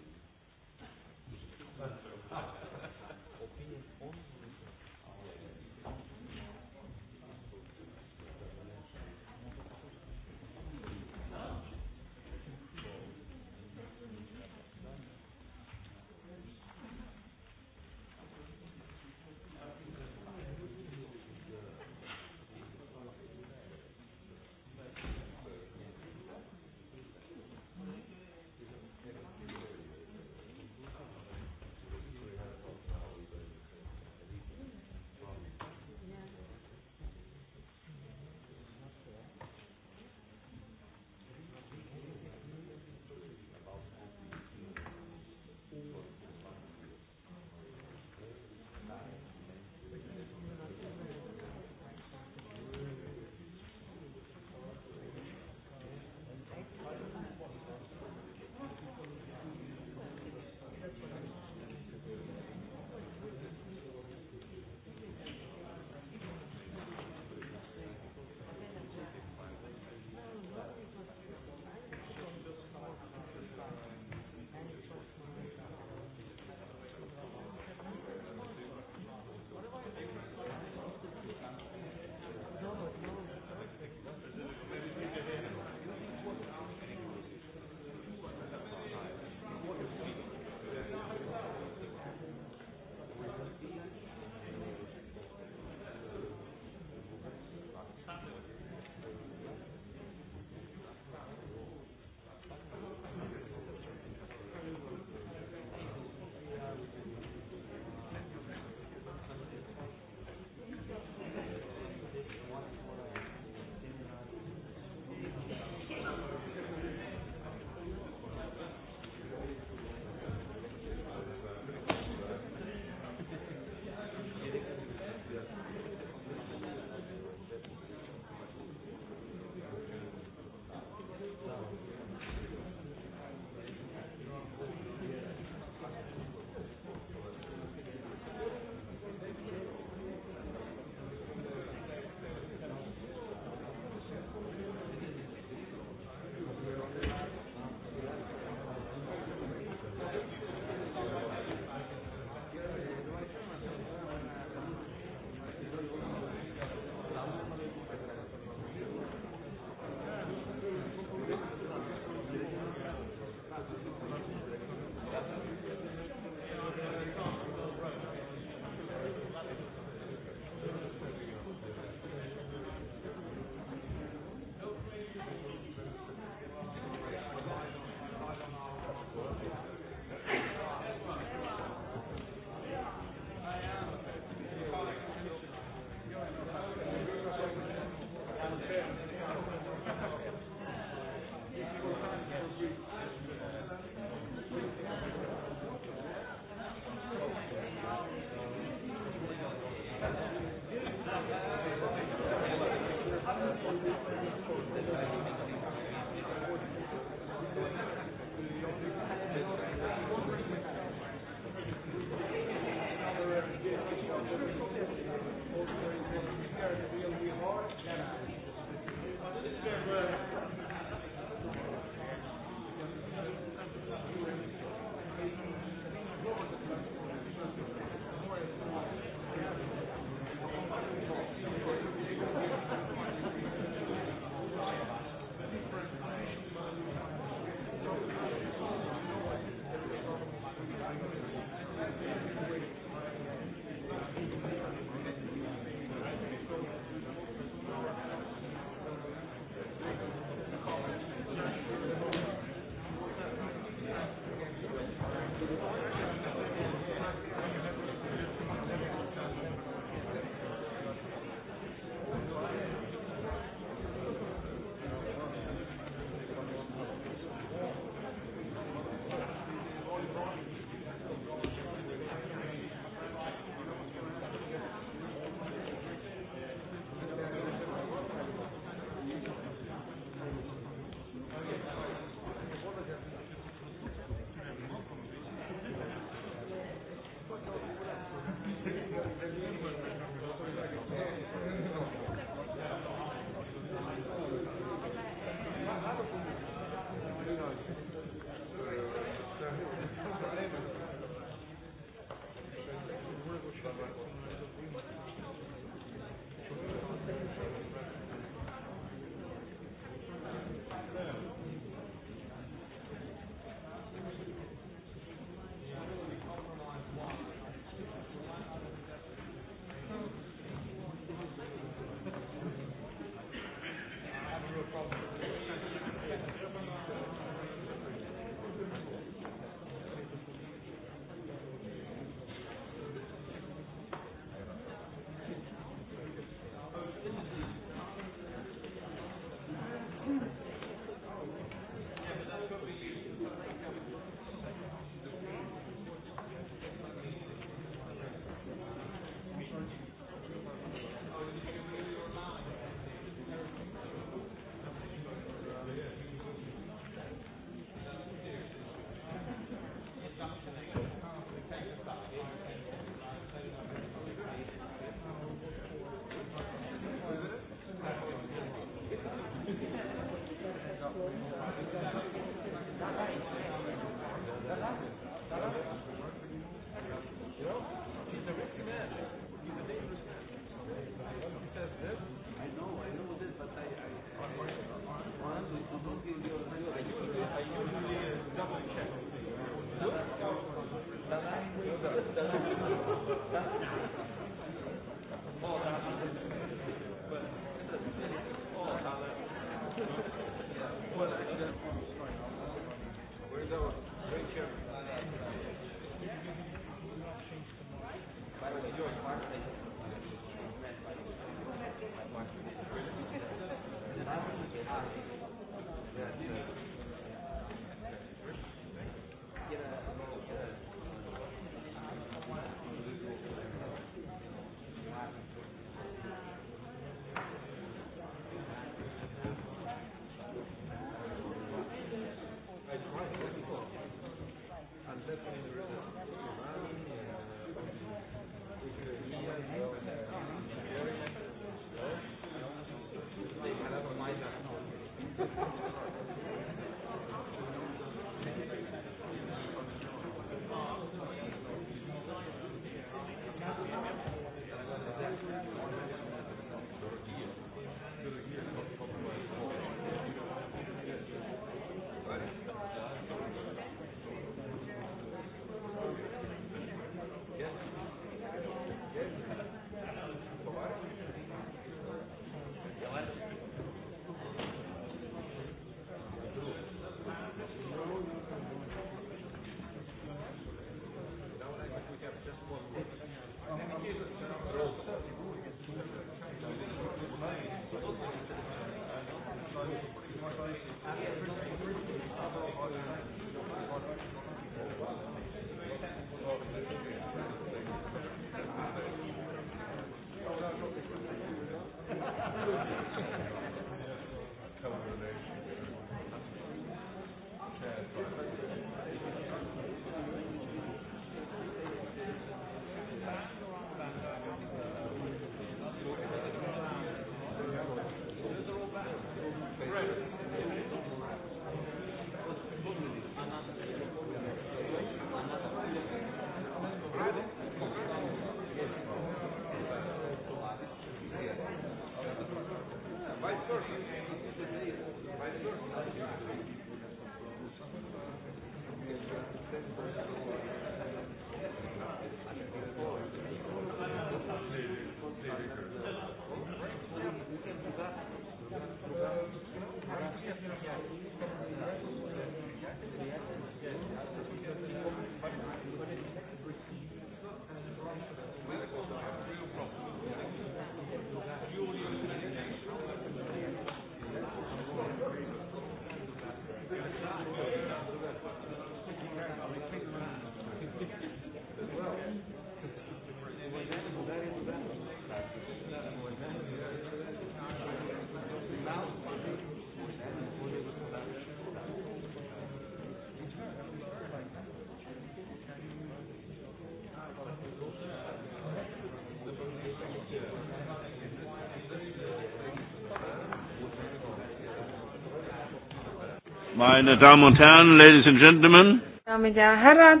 Meine Damen und Herren, Ladies and Gentlemen. Daamid ja härrad.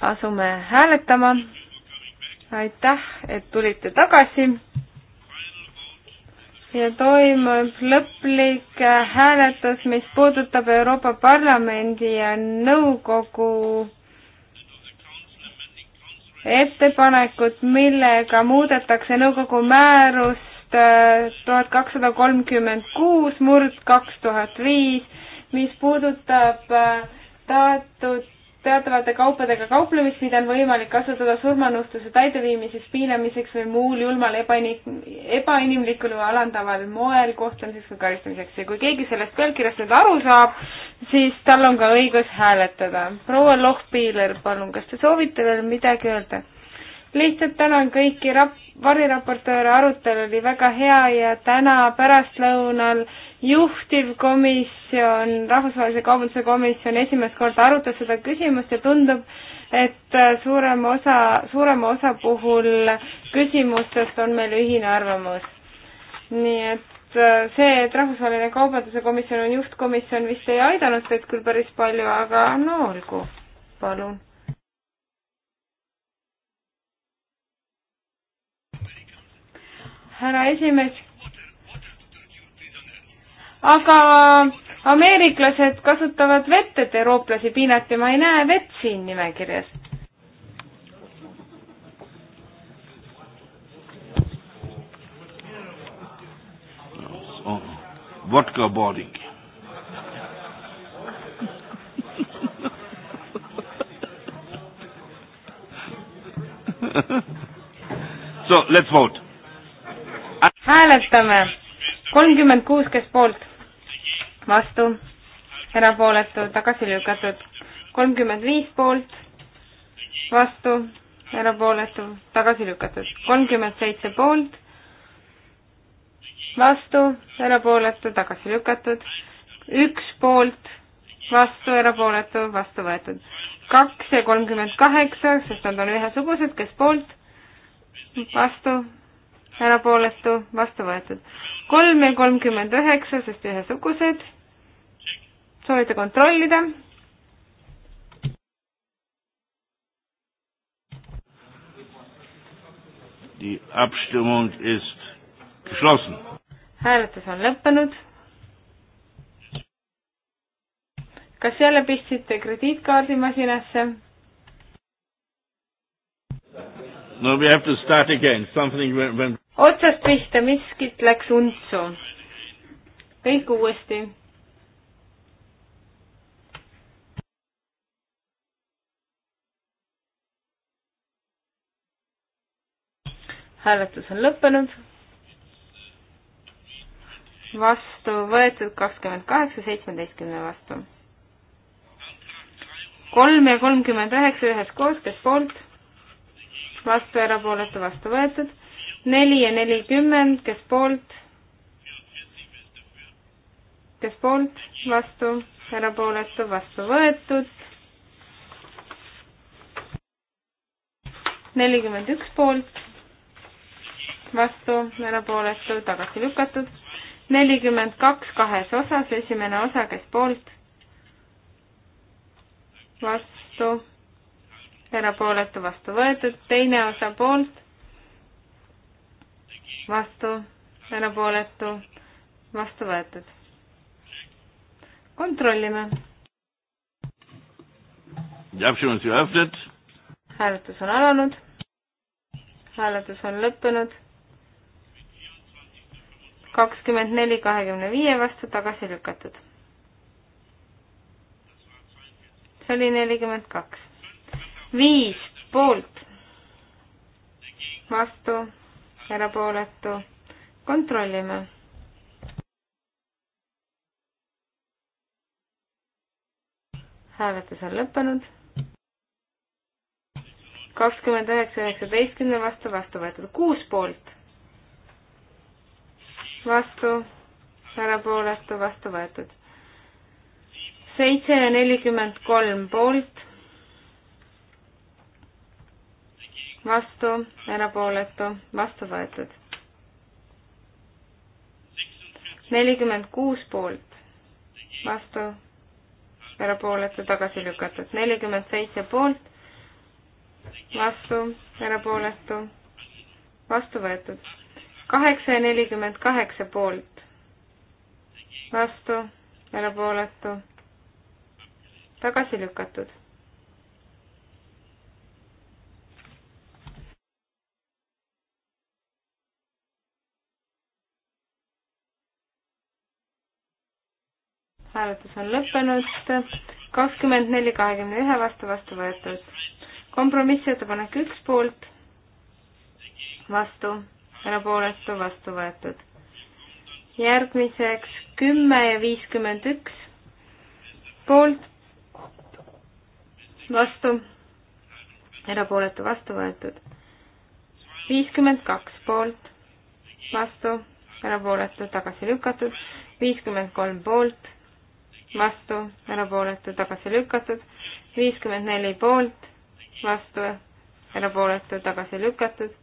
asume hääletama. aitäh, et tulite tagasi. ja toimub lõplik hääletus, mis puudutab Euroopa Parlamendi ja Nõukogu ettepanekut, millega muudetakse nõukogu määrust äh, tuhat kakssada kolmkümmend kuus murd kaks tuhat viis, mis puudutab äh, teatud teatavate kaupadega kauplemist, mida on võimalik kasutada surmanuhtluse täideviimiseks, piinamiseks või muul julmal ebainim-, ebainimlikul või alandaval moel kohtlemiseks või karistamiseks ja kui keegi sellest pealkirjast nüüd aru saab, siis tal on ka õigus hääletada. proua Lohpiiler, palun, kas te soovite veel midagi öelda? lihtsalt tänan kõiki rap-, variraportööre, arutelu oli väga hea ja täna pärastlõunal äh, juhtivkomisjon, Rahvusvahelise Kaubanduse Komisjon esimest korda arutas seda küsimust ja tundub, et äh, suurema osa, suurema osa puhul küsimustest on meil ühine arvamus. nii et äh, see, et Rahvusvaheline Kaubanduse Komisjon on juhtkomisjon, vist ei aidanud teid küll päris palju, aga no olgu, palun. härra esimees aga ameeriklased kasutavad vett, et eurooplasi piinata, ma ei näe vett siin nimekirjas. Vodka boodik. so let's vote. hääletame kolmkümmend kuus, kes poolt vastu, erapooletu, tagasi lükatud. kolmkümmend viis poolt, vastu, erapooletu, tagasi lükatud. kolmkümmend seitse poolt, vastu, erapooletu, tagasi lükatud. üks poolt, vastu, erapooletu, vastu võetud. kaks ja kolmkümmend kaheksa, sest nad on ühesugused, kes poolt, vastu, erapooletu, vastu võetud. kolm ja kolmkümmend üheksa, sest ühesugused soovite kontrollida? hääletus on lõppenud. kas jälle pistsite krediitkaardi masinasse? no we have to start again, something went, went otsast pihta, miskit läks untsu. kõik uuesti hääletus on lõppenud. vastu võetud kakskümmend kaheksa, seitsmeteistkümne vastu. kolm ja kolmkümmend üheksa üheskoos, kes poolt, vastu, erapooletu, vastu võetud. neli ja nelikümmend, kes poolt, kes poolt, vastu, erapooletu, vastu võetud. nelikümmend üks poolt vastu, erapooletu, tagasi lükatud. nelikümmend kaks kahes osas, esimene osa, kes poolt, vastu, erapooletu, vastu võetud, teine osa poolt, vastu, erapooletu, vastu võetud. kontrollime. hääletus on alanud hääletus on lõppenud kakskümmend neli kahekümne viie vastu tagasi lükatud. see oli nelikümmend kaks. viis poolt, vastu, erapooletu, kontrollime. hääletus on lõppenud. kakskümmend üheksa üheksateistkümne vastu vastu võetud, kuus poolt vastu, erapooletu, vastu võetud. seitse ja nelikümmend kolm poolt, vastu, erapooletu, vastu võetud. nelikümmend kuus poolt, vastu, erapooletu, tagasi lükatud. nelikümmend seitse poolt, vastu, erapooletu, vastu võetud kaheksa ja nelikümmend kaheksa poolt, vastu, erapooletu, tagasi lükatud. hääletus on lõppenud, kakskümmend neli kahekümne ühe vastu vastu võetud. kompromissettepanek üks poolt, vastu erapooletu vastu võetud. järgmiseks kümme ja viiskümmend üks poolt, vastu, erapooletu vastu võetud. viiskümmend kaks poolt, vastu, erapooletu tagasi lükatud, viiskümmend kolm poolt, vastu, erapooletu tagasi lükatud, viiskümmend neli poolt, vastu, erapooletu tagasi lükatud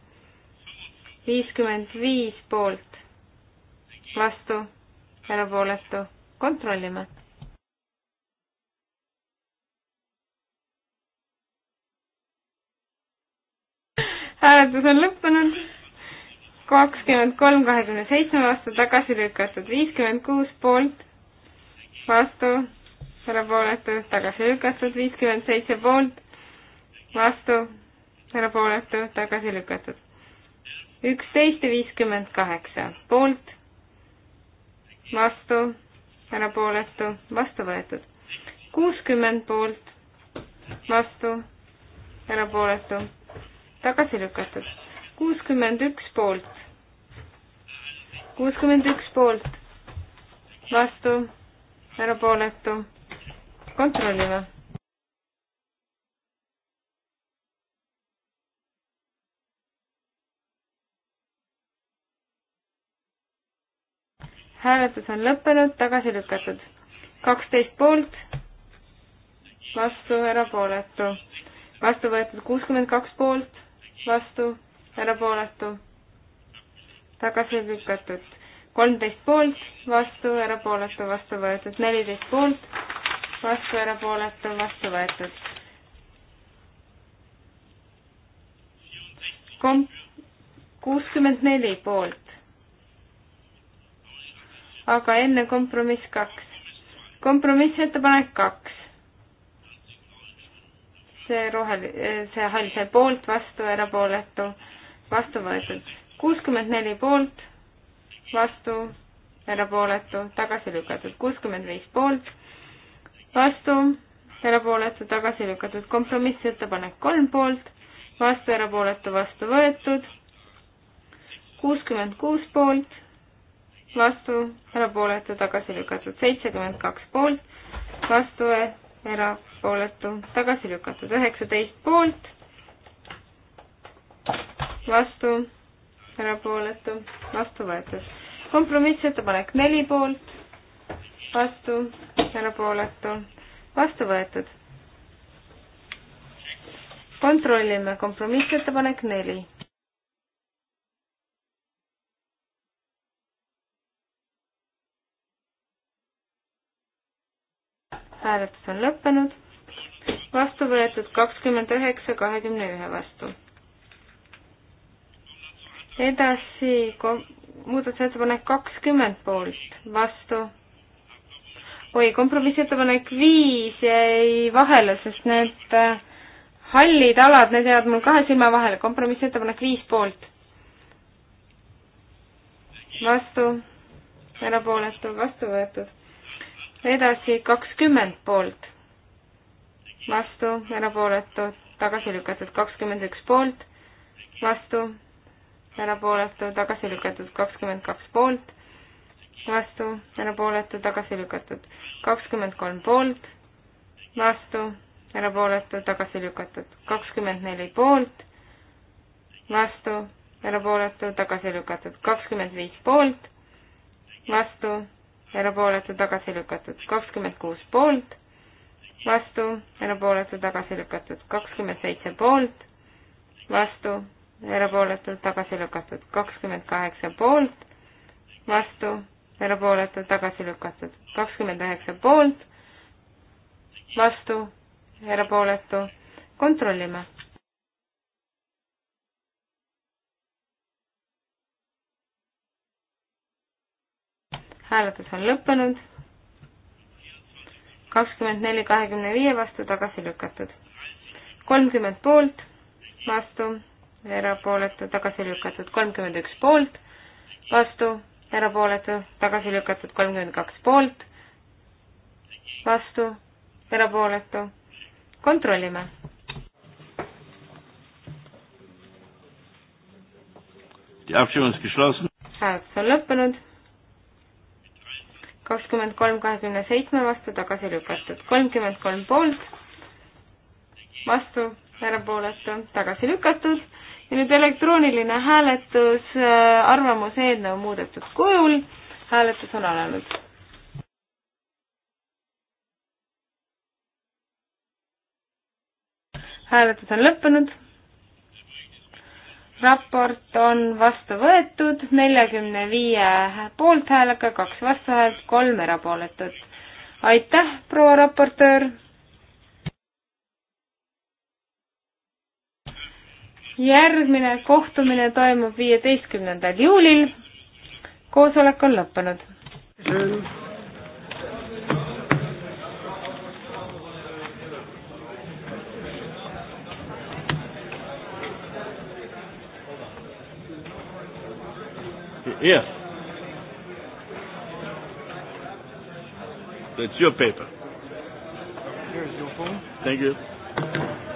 viiskümmend viis poolt, vastu, erapooletu, kontrollime. hääletus on lõppenud, kakskümmend kolm kahekümne seitsme vastu tagasi lükatud, viiskümmend kuus poolt, vastu, erapooletu, tagasi lükatud, viiskümmend seitse poolt, vastu, erapooletu, tagasi lükatud üksteist ja viiskümmend kaheksa poolt, vastu, erapooletu, vastu võetud. kuuskümmend poolt, vastu, erapooletu, tagasi lükatud. kuuskümmend üks poolt, kuuskümmend üks poolt, vastu, erapooletu, kontrollime hääletus on lõppenud, tagasi lükatud. kaksteist poolt, vastu, erapooletu. vastu võetud kuuskümmend kaks poolt, vastu, erapooletu. tagasi lükatud. kolmteist poolt, vastu, erapooletu, vastu võetud. neliteist poolt, vastu, erapooletu, vastu võetud. komp-, kuuskümmend neli poolt, aga enne kompromiss kaks. kompromissettepanek kaks. see rohel-, see hall sai poolt, vastu, erapooletu, vastu võetud. kuuskümmend neli poolt, vastu, erapooletu, tagasi lükatud. kuuskümmend viis poolt, vastu, erapooletu, tagasi lükatud. kompromissettepanek kolm poolt, vastu, erapooletu, vastu võetud. kuuskümmend kuus poolt vastu, erapooletu, tagasi lükatud. seitsekümmend kaks poolt, vastu, erapooletu, tagasi lükatud. üheksateist poolt, vastu, erapooletu, vastu võetud. kompromissettepanek neli poolt, vastu, erapooletu, vastu võetud. kontrollime kompromissettepanek neli hääletus on lõppenud, vastu võetud kakskümmend üheksa, kahekümne ühe vastu. edasi kom-, muudatusettepanek kakskümmend poolt, vastu. oi, kompromissettepanek viis jäi vahele, sest need äh, hallid alad, need jäävad mul kahe silma vahele, kompromissettepanek viis poolt. vastu, erapooletu, vastu võetud edasi kakskümmend poolt, vastu, erapooletud, tagasi lükatud kakskümmend üks poolt, vastu, erapooletu, tagasi lükatud kakskümmend kaks poolt, vastu, erapooletu, tagasi lükatud kakskümmend kolm poolt, vastu, erapooletu, tagasi lükatud kakskümmend neli poolt, vastu, erapooletu, tagasi lükatud kakskümmend viis poolt, vastu, erapooletu, tagasi lükatud. kakskümmend kuus poolt, vastu, erapooletu, tagasi lükatud. kakskümmend seitse poolt, vastu, erapooletult tagasi lükatud. kakskümmend kaheksa poolt, vastu, erapooletult tagasi lükatud. kakskümmend üheksa poolt, vastu, erapooletu. kontrollime hääletus on lõppenud. kakskümmend neli kahekümne viie vastu tagasi lükatud. kolmkümmend poolt, vastu, erapooletu, tagasi lükatud. kolmkümmend üks poolt, vastu, erapooletu, tagasi lükatud. kolmkümmend kaks poolt, vastu, erapooletu. kontrollime Die Abstimmung ist geschlossen. Hääletus on lõppenud kakskümmend kolm kahekümne seitsme vastu tagasi lükatud, kolmkümmend kolm poolt vastu, erapooletu, tagasi lükatud ja nüüd elektrooniline hääletus äh, arvamuse eelnõu muudetud kujul. hääletus on alanud. hääletus on lõppenud raport on vastu võetud neljakümne viie poolthäälega, kaks vastuhäält, kolm erapooletut. aitäh, proua raportöör! järgmine kohtumine toimub viieteistkümnendal juulil. koosolek on lõppenud. Ehm. Here. That's your paper. Here's your phone. Thank you.